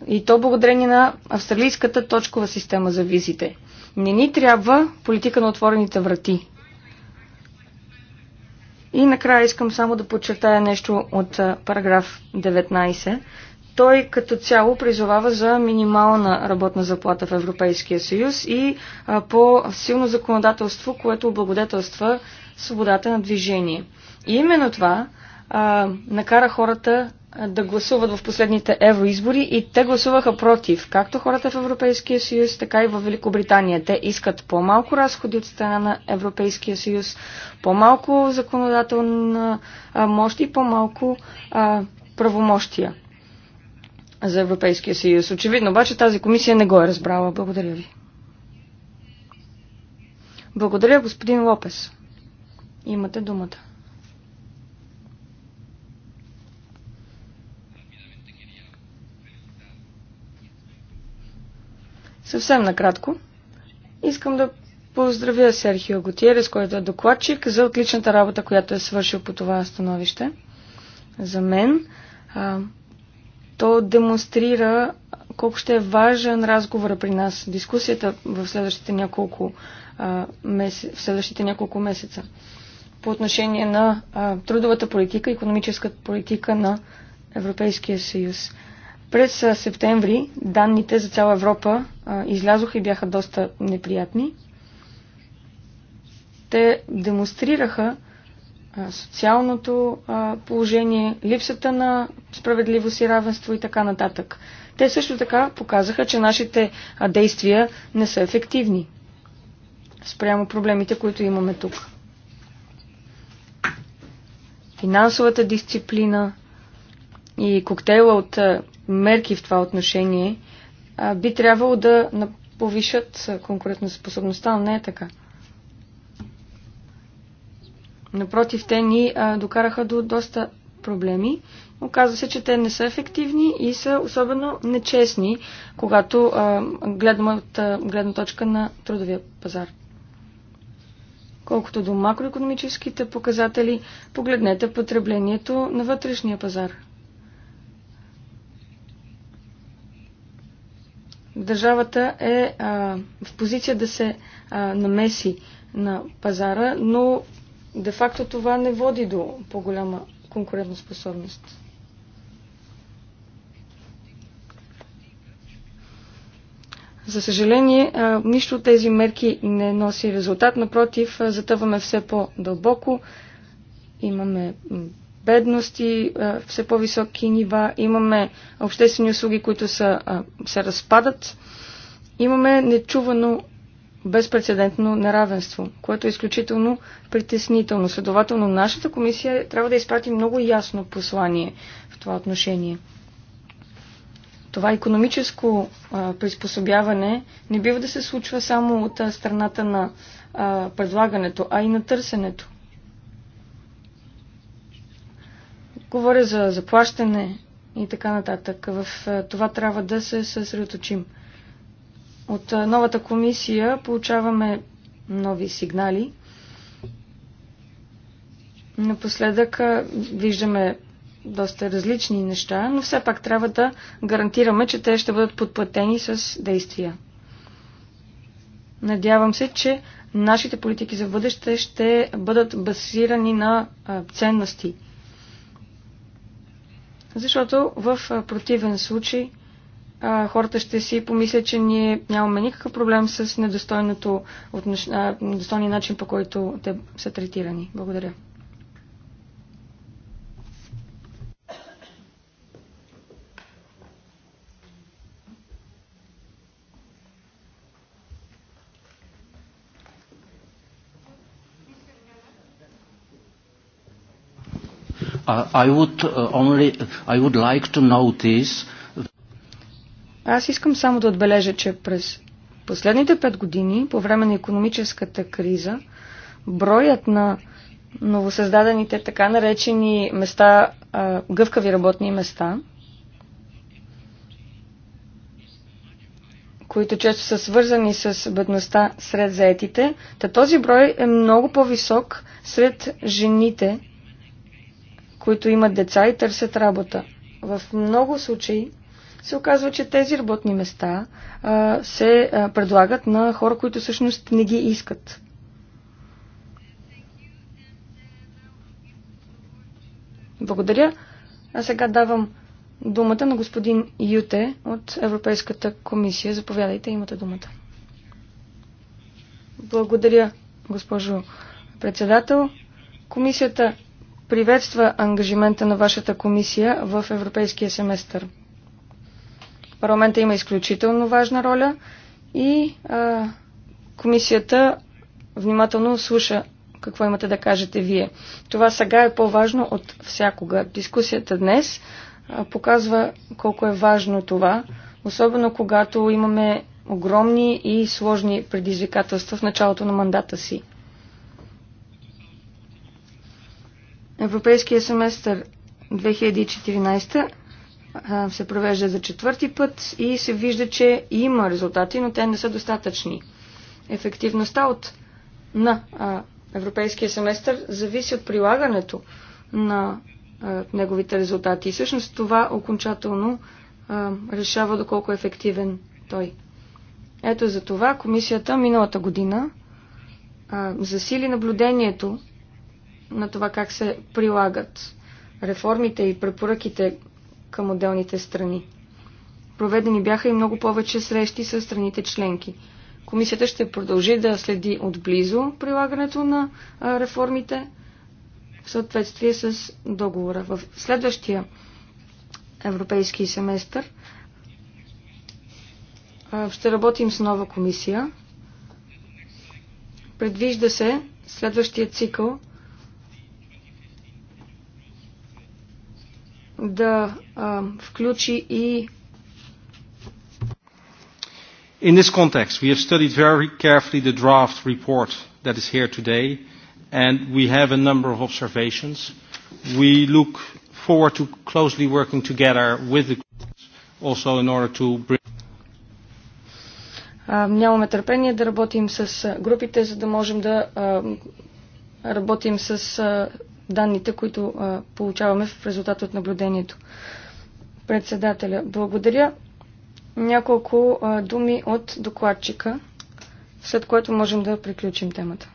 Speaker 4: И то благодарение на австралийската точкова система за визите. Не ни трябва политика на отворените врати. И накрая искам само да подчертая нещо от параграф 19. Той като цяло призовава за минимална работна заплата в Европейския съюз и по-силно законодателство, което облагодетелства свободата на движение. И именно това а, накара хората да гласуват в последните евроизбори и те гласуваха против, както хората в Европейския съюз, така и в Великобритания. Те искат по-малко разходи от страна на Европейския съюз, по-малко законодателна мощ и по-малко правомощия за Европейския съюз. Очевидно, обаче тази комисия не го е разбрала. Благодаря ви. Благодаря, господин Лопес. Имате думата. Съвсем накратко. Искам да поздравя Серхио Готиерес, който е докладчик, за отличната работа, която е свършил по това становище. За мен а, то демонстрира колко ще е важен разговора при нас, дискусията в следващите няколко, а, месец, в следващите няколко месеца по отношение на а, трудовата политика, економическата политика на Европейския съюз. През септември данните за цяла Европа а, излязоха и бяха доста неприятни. Те демонстрираха а, социалното а, положение, липсата на справедливост и равенство и така нататък. Те също така показаха, че нашите действия не са ефективни спрямо проблемите, които имаме тук. Финансовата дисциплина и коктейла от мерки в това отношение, би трябвало да повишат конкурентоспособността, но не е така. Напротив, те ни докараха до доста проблеми. Оказва се, че те не са ефективни и са особено нечестни, когато гледаме от гледна точка на трудовия пазар. Колкото до макроекономическите показатели, погледнете потреблението на вътрешния пазар – държавата е а, в позиция да се а, намеси на пазара, но де-факто това не води до по-голяма конкурентоспособност. За съжаление, а, нищо от тези мерки не носи резултат. Напротив, затъваме все по-дълбоко. Имаме Бедности, все по-високи нива. Имаме обществени услуги, които са, се разпадат. Имаме нечувано безпредседентно неравенство, което е изключително притеснително. Следователно, нашата комисия трябва да изпрати много ясно послание в това отношение. Това економическо а, приспособяване не бива да се случва само от а, страната на а, предлагането, а и на търсенето. Говоря за заплащане и така нататък. В е, това трябва да се съсредоточим. От е, новата комисия получаваме нови сигнали. Напоследък е, виждаме доста различни неща, но все пак трябва да гарантираме, че те ще бъдат подплатени с действия. Надявам се, че нашите политики за бъдеще ще бъдат базирани на ценности – защото в противен случай а, хората ще си помислят, че ние нямаме никакъв проблем с недостойното, недостойния начин, по който те са третирани. Благодаря.
Speaker 2: I would uh, only, I would like to notice...
Speaker 4: Аз искам само да отбележа, че през последните пет години, по време на економическата криза, броят на новосъздадените така наречени места, гъвкави работни места, които често са свързани с бедността сред заетите, та този брой е много по-висок сред жените които имат деца и търсят работа. В много случаи се оказва, че тези работни места а, се а, предлагат на хора, които всъщност не ги искат. Благодаря. А сега давам думата на господин Юте от Европейската комисия. Заповядайте, имате думата. Благодаря, госпожо председател. Комисията приветства ангажимента на вашата комисия в европейския семестър. Парламента има изключително важна роля и а, комисията внимателно слуша какво имате да кажете вие. Това сега е по-важно от всякога. Дискусията днес а, показва колко е важно това, особено когато имаме огромни и сложни предизвикателства в началото на мандата си.
Speaker 3: Европейския
Speaker 4: семестър 2014 се провежда за четвърти път и се вижда, че има резултати, но те не са достатъчни. Ефективността от, на европейския семестър зависи от прилагането на неговите резултати. И всъщност това окончателно решава доколко е ефективен той. Ето за това комисията миналата година засили наблюдението на това как се прилагат реформите и препоръките към отделните страни. Проведени бяха и много повече срещи с страните членки. Комисията ще продължи да следи отблизо прилагането на реформите в съответствие с договора. В следващия европейски семестър ще работим с нова комисия. Предвижда се следващия цикъл да а, включи и In this context, we have studied very carefully the draft report that is here today, and we have a number of observations. We look forward to closely working together with the groups also in order to bring Нямаме търпение да работим с групите, за да можем да работим с данните, които а, получаваме в резултат от наблюдението. Председателя, благодаря. Няколко а, думи от докладчика, след което можем да приключим темата.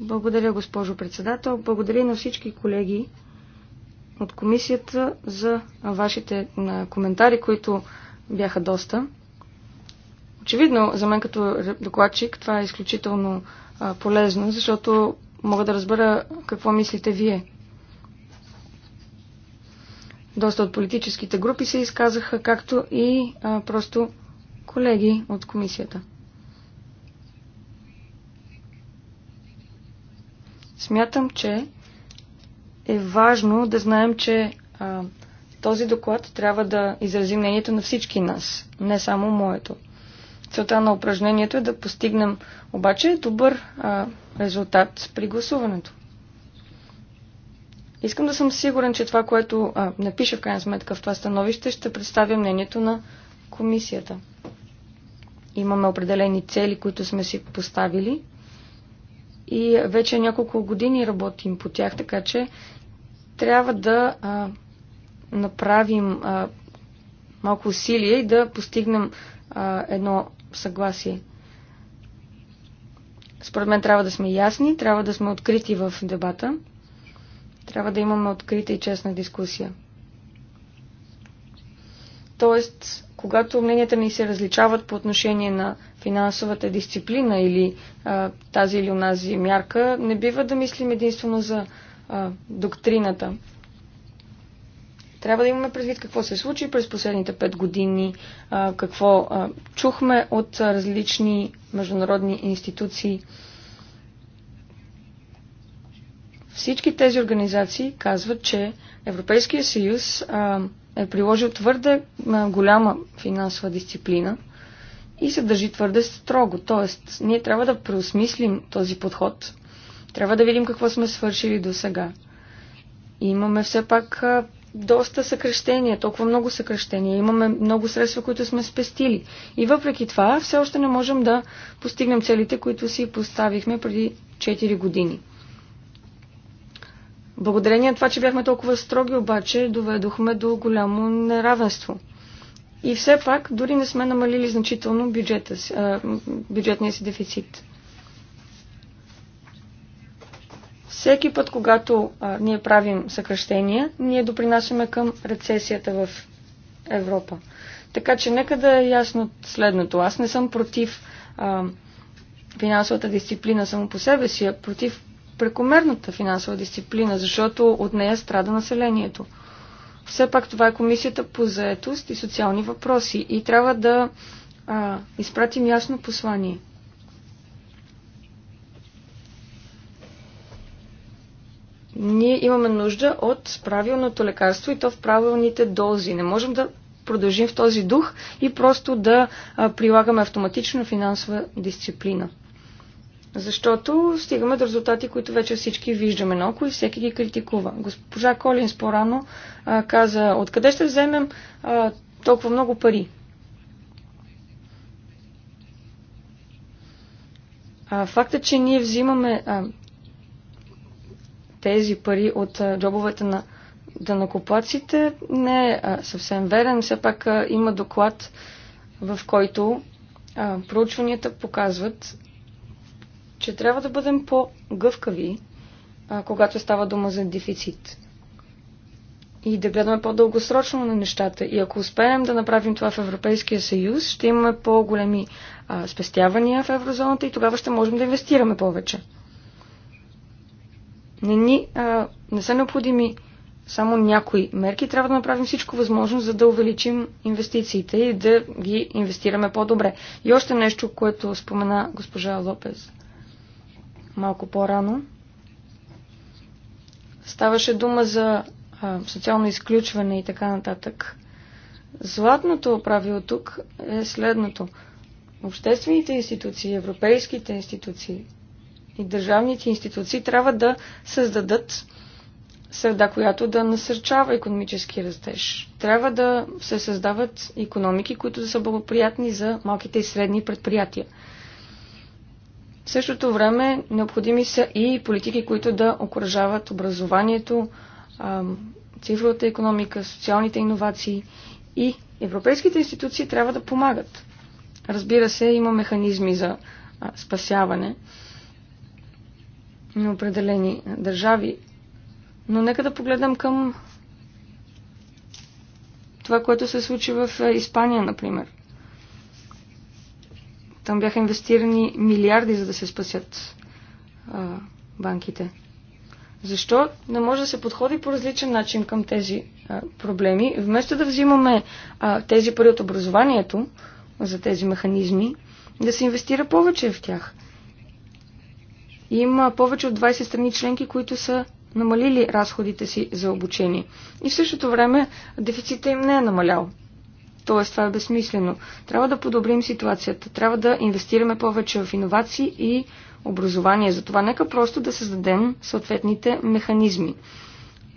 Speaker 4: Благодаря, госпожо председател. Благодаря на всички колеги от комисията за вашите коментари, които бяха доста. Очевидно, за мен като докладчик това е изключително а, полезно, защото мога да разбера какво мислите вие. Доста от политическите групи се изказаха, както и а, просто колеги от комисията. Смятам, че е важно да знаем, че а, този доклад трябва да изрази мнението на всички нас, не само моето. Целта на упражнението е да постигнем обаче добър а, резултат при гласуването. Искам да съм сигурен, че това, което а, напиша в крайна сметка в това становище, ще представя мнението на комисията. Имаме определени цели, които сме си поставили и вече няколко години работим по тях, така че трябва да а, направим а, малко усилие и да постигнем а, едно съгласие. Според мен трябва да сме ясни, трябва да сме открити в дебата, трябва да имаме открита и честна дискусия. Тоест, когато мненията ни се различават по отношение на финансовата дисциплина или а, тази или онази мярка, не бива да мислим единствено за а, доктрината. Трябва да имаме предвид какво се случи през последните пет години, какво чухме от различни международни институции. Всички тези организации казват, че Европейския съюз е приложил твърде голяма финансова дисциплина и се държи твърде строго. Тоест, ние трябва да преосмислим този подход. Трябва да видим какво сме свършили до сега. Имаме все пак доста съкрещения, толкова много съкрещения. Имаме много средства, които сме спестили. И въпреки това, все още не можем да постигнем целите, които си поставихме преди 4 години. Благодарение на това, че бяхме толкова строги, обаче доведохме до голямо неравенство. И все пак, дори не сме намалили значително бюджета, бюджетния си дефицит. Всеки път, когато а, ние правим съкръщения, ние допринасяме към рецесията в Европа. Така че нека да е ясно следното. Аз не съм против а, финансовата дисциплина само по себе си, а против прекомерната финансова дисциплина, защото от нея страда населението. Все пак това е комисията по заетост и социални въпроси и трябва да а, изпратим ясно послание – ние имаме нужда от правилното лекарство и то в правилните дози. Не можем да продължим в този дух и просто да прилагаме автоматично финансова дисциплина. Защото стигаме до резултати, които вече всички виждаме око и всеки ги критикува. Госпожа Колинс порано а, каза, откъде ще вземем а, толкова много пари? А, факта, че ние взимаме а, тези пари от джобовете на данакоплаците не е съвсем верен. Все пак има доклад, в който проучванията показват, че трябва да бъдем по-гъвкави, когато става дума за дефицит. И да гледаме по-дългосрочно на нещата. И ако успеем да направим това в Европейския съюз, ще имаме по-големи спестявания в еврозоната и тогава ще можем да инвестираме повече не, ни, а, не са необходими само някои мерки. Трябва да направим всичко възможно, за да увеличим инвестициите и да ги инвестираме по-добре. И още нещо, което спомена госпожа Лопез малко по-рано. Ставаше дума за а, социално изключване и така нататък. Златното правило тук е следното. Обществените институции, европейските институции, и държавните институции трябва да създадат среда, която да насърчава економически растеж. Трябва да се създават економики, които да са благоприятни за малките и средни предприятия. В същото време необходими са и политики, които да окоръжават образованието, цифровата економика, социалните иновации и европейските институции трябва да помагат. Разбира се, има механизми за спасяване на определени държави. Но нека да погледам към това, което се случи в Испания, например. Там бяха инвестирани милиарди, за да се спасят а, банките. Защо не може да се подходи по различен начин към тези а, проблеми? Вместо да взимаме а, тези пари от образованието за тези механизми, да се инвестира повече в тях. Има повече от 20 страни членки, които са намалили разходите си за обучение. И в същото време дефицита им не е намалял. Тоест, това е безсмислено. Трябва да подобрим ситуацията. Трябва да инвестираме повече в иновации и образование. Затова нека просто да създадем съответните механизми.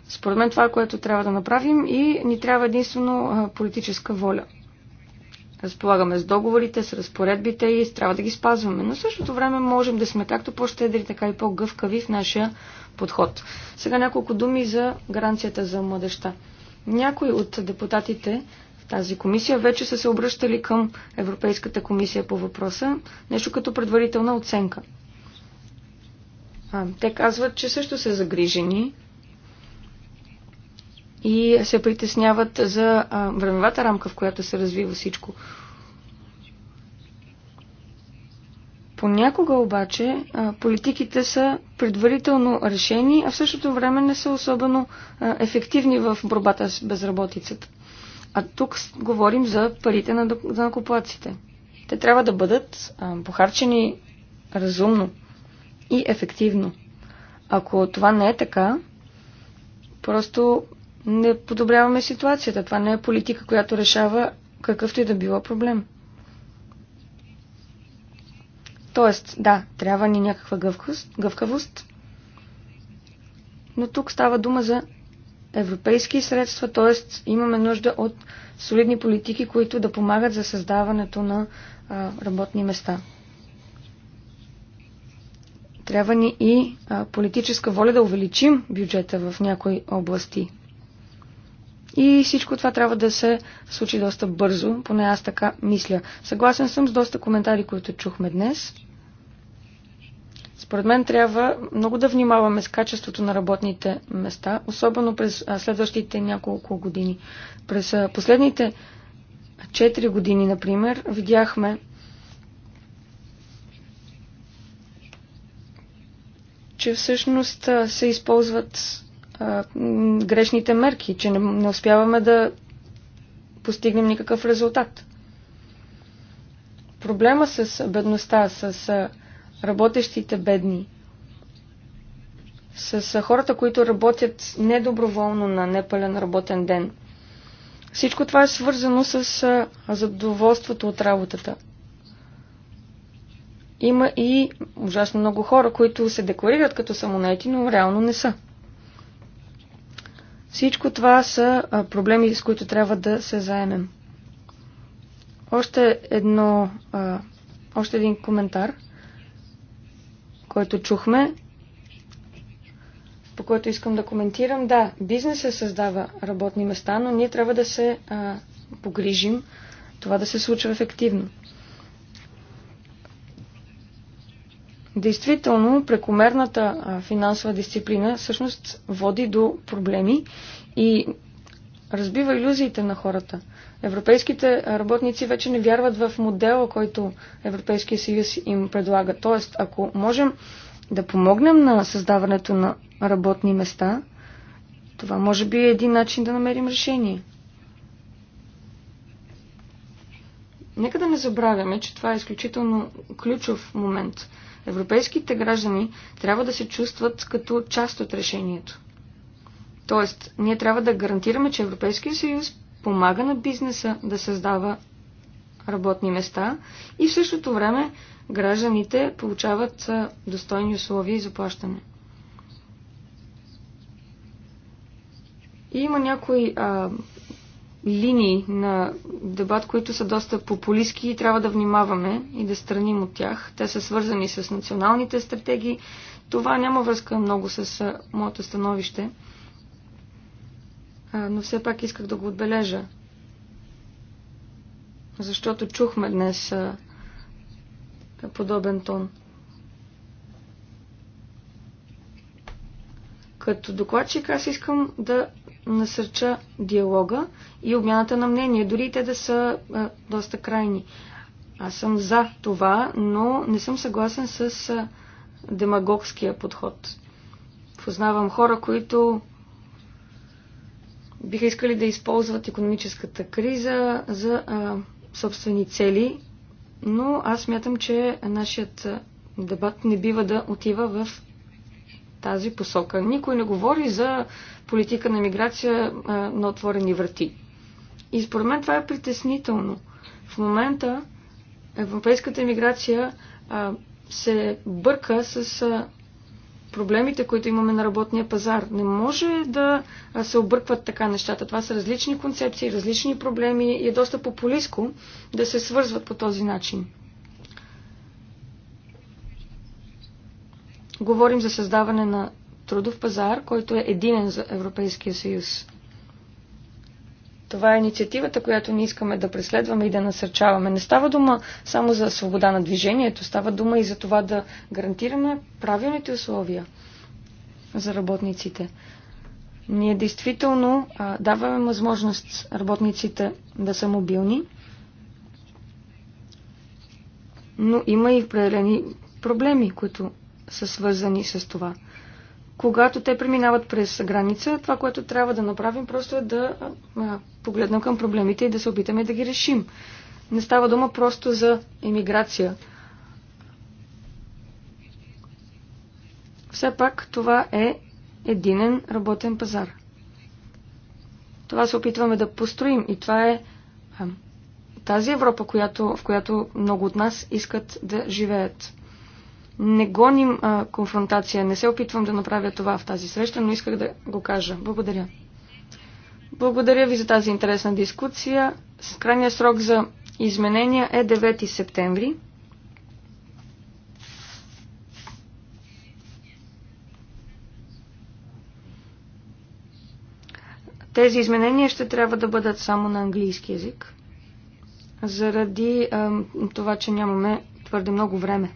Speaker 4: Според мен това е което трябва да направим и ни трябва единствено политическа воля разполагаме с договорите, с разпоредбите и трябва да ги спазваме. Но в същото време можем да сме както по-щедри, така и по-гъвкави в нашия подход. Сега няколко думи за гаранцията за младеща. Някои от депутатите в тази комисия вече са се обръщали към Европейската комисия по въпроса, нещо като предварителна оценка. А, те казват, че също са загрижени и се притесняват за времевата рамка, в която се развива всичко. Понякога обаче политиките са предварително решени, а в същото време не са особено ефективни в борбата с безработицата. А тук говорим за парите на накоплаците. Те трябва да бъдат похарчени разумно и ефективно. Ако това не е така, просто не подобряваме ситуацията. Това не е политика, която решава какъвто и да било проблем. Тоест, да, трябва ни някаква гъвкавост, но тук става дума за европейски средства, т.е. имаме нужда от солидни политики, които да помагат за създаването на а, работни места. Трябва ни и а, политическа воля да увеличим бюджета в някои области. И всичко това трябва да се случи доста бързо, поне аз така мисля. Съгласен съм с доста коментари, които чухме днес. Според мен трябва много да внимаваме с качеството на работните места, особено през следващите няколко години. През последните 4 години, например, видяхме че всъщност се използват а, грешните мерки, че не, не успяваме да постигнем никакъв резултат. Проблема с бедността, с а, работещите бедни, с а, хората, които работят недоброволно на непълен работен ден. Всичко това е свързано с а, задоволството от работата има и ужасно много хора, които се декларират като самонети, но реално не са. Всичко това са проблеми, с които трябва да се заемем. Още едно, още един коментар, който чухме, по който искам да коментирам. Да, бизнесът създава работни места, но ние трябва да се а, погрижим това да се случва ефективно. Действително, прекомерната финансова дисциплина всъщност води до проблеми и разбива иллюзиите на хората. Европейските работници вече не вярват в модела, който Европейския съюз им предлага. Тоест, ако можем да помогнем на създаването на работни места, това може би е един начин да намерим решение. Нека да не забравяме, че това е изключително ключов момент – Европейските граждани трябва да се чувстват като част от решението. Тоест, ние трябва да гарантираме, че Европейския съюз помага на бизнеса да създава работни места и в същото време гражданите получават достойни условия и заплащане. И има някои а, линии на дебат, които са доста популистски и трябва да внимаваме и да страним от тях. Те са свързани с националните стратегии. Това няма връзка много с моето становище, но все пак исках да го отбележа. Защото чухме днес подобен тон. Като докладчик аз искам да насърча диалога и обмяната на мнение, дори и те да са а, доста крайни. Аз съм за това, но не съм съгласен с а, демагогския подход. Познавам хора, които биха искали да използват економическата криза за а, собствени цели, но аз мятам, че нашият дебат не бива да отива в тази посока. Никой не говори за политика на миграция на отворени врати. И според мен това е притеснително. В момента европейската миграция се бърка с а, проблемите, които имаме на работния пазар. Не може да се объркват така нещата. Това са различни концепции, различни проблеми и е доста популистко да се свързват по този начин. Говорим за създаване на трудов пазар, който е единен за Европейския съюз. Това е инициативата, която ние искаме да преследваме и да насърчаваме. Не става дума само за свобода на движението, става дума и за това да гарантираме правилните условия за работниците. Ние действително а, даваме възможност работниците да са мобилни, но има и определени проблеми, които са свързани с това. Когато те преминават през граница, това, което трябва да направим, просто е да погледнем към проблемите и да се опитаме да ги решим. Не става дума просто за емиграция. Все пак това е единен работен пазар. Това се опитваме да построим и това е тази Европа, която, в която много от нас искат да живеят. Не гоним а, конфронтация, не се опитвам да направя това в тази среща, но исках да го кажа. Благодаря. Благодаря ви за тази интересна дискусия. Крайният срок за изменения е 9 септември. Тези изменения ще трябва да бъдат само на английски язик, заради а, това, че нямаме твърде много време.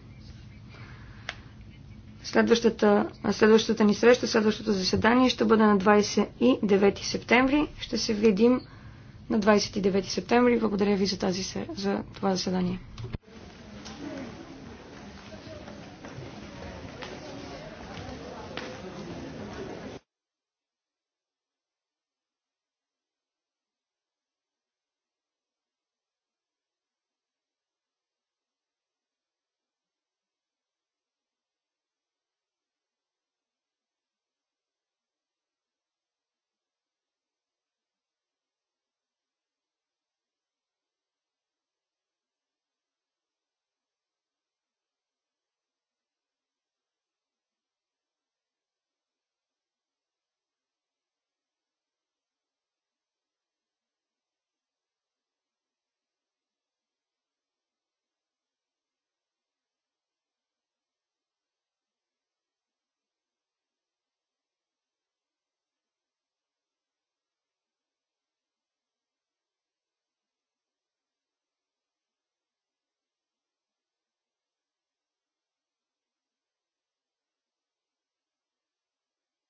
Speaker 4: Следващата, следващата ни среща, следващото заседание ще бъде на 29 септември. Ще се видим на 29 септември. Благодаря ви за, тази, за това заседание.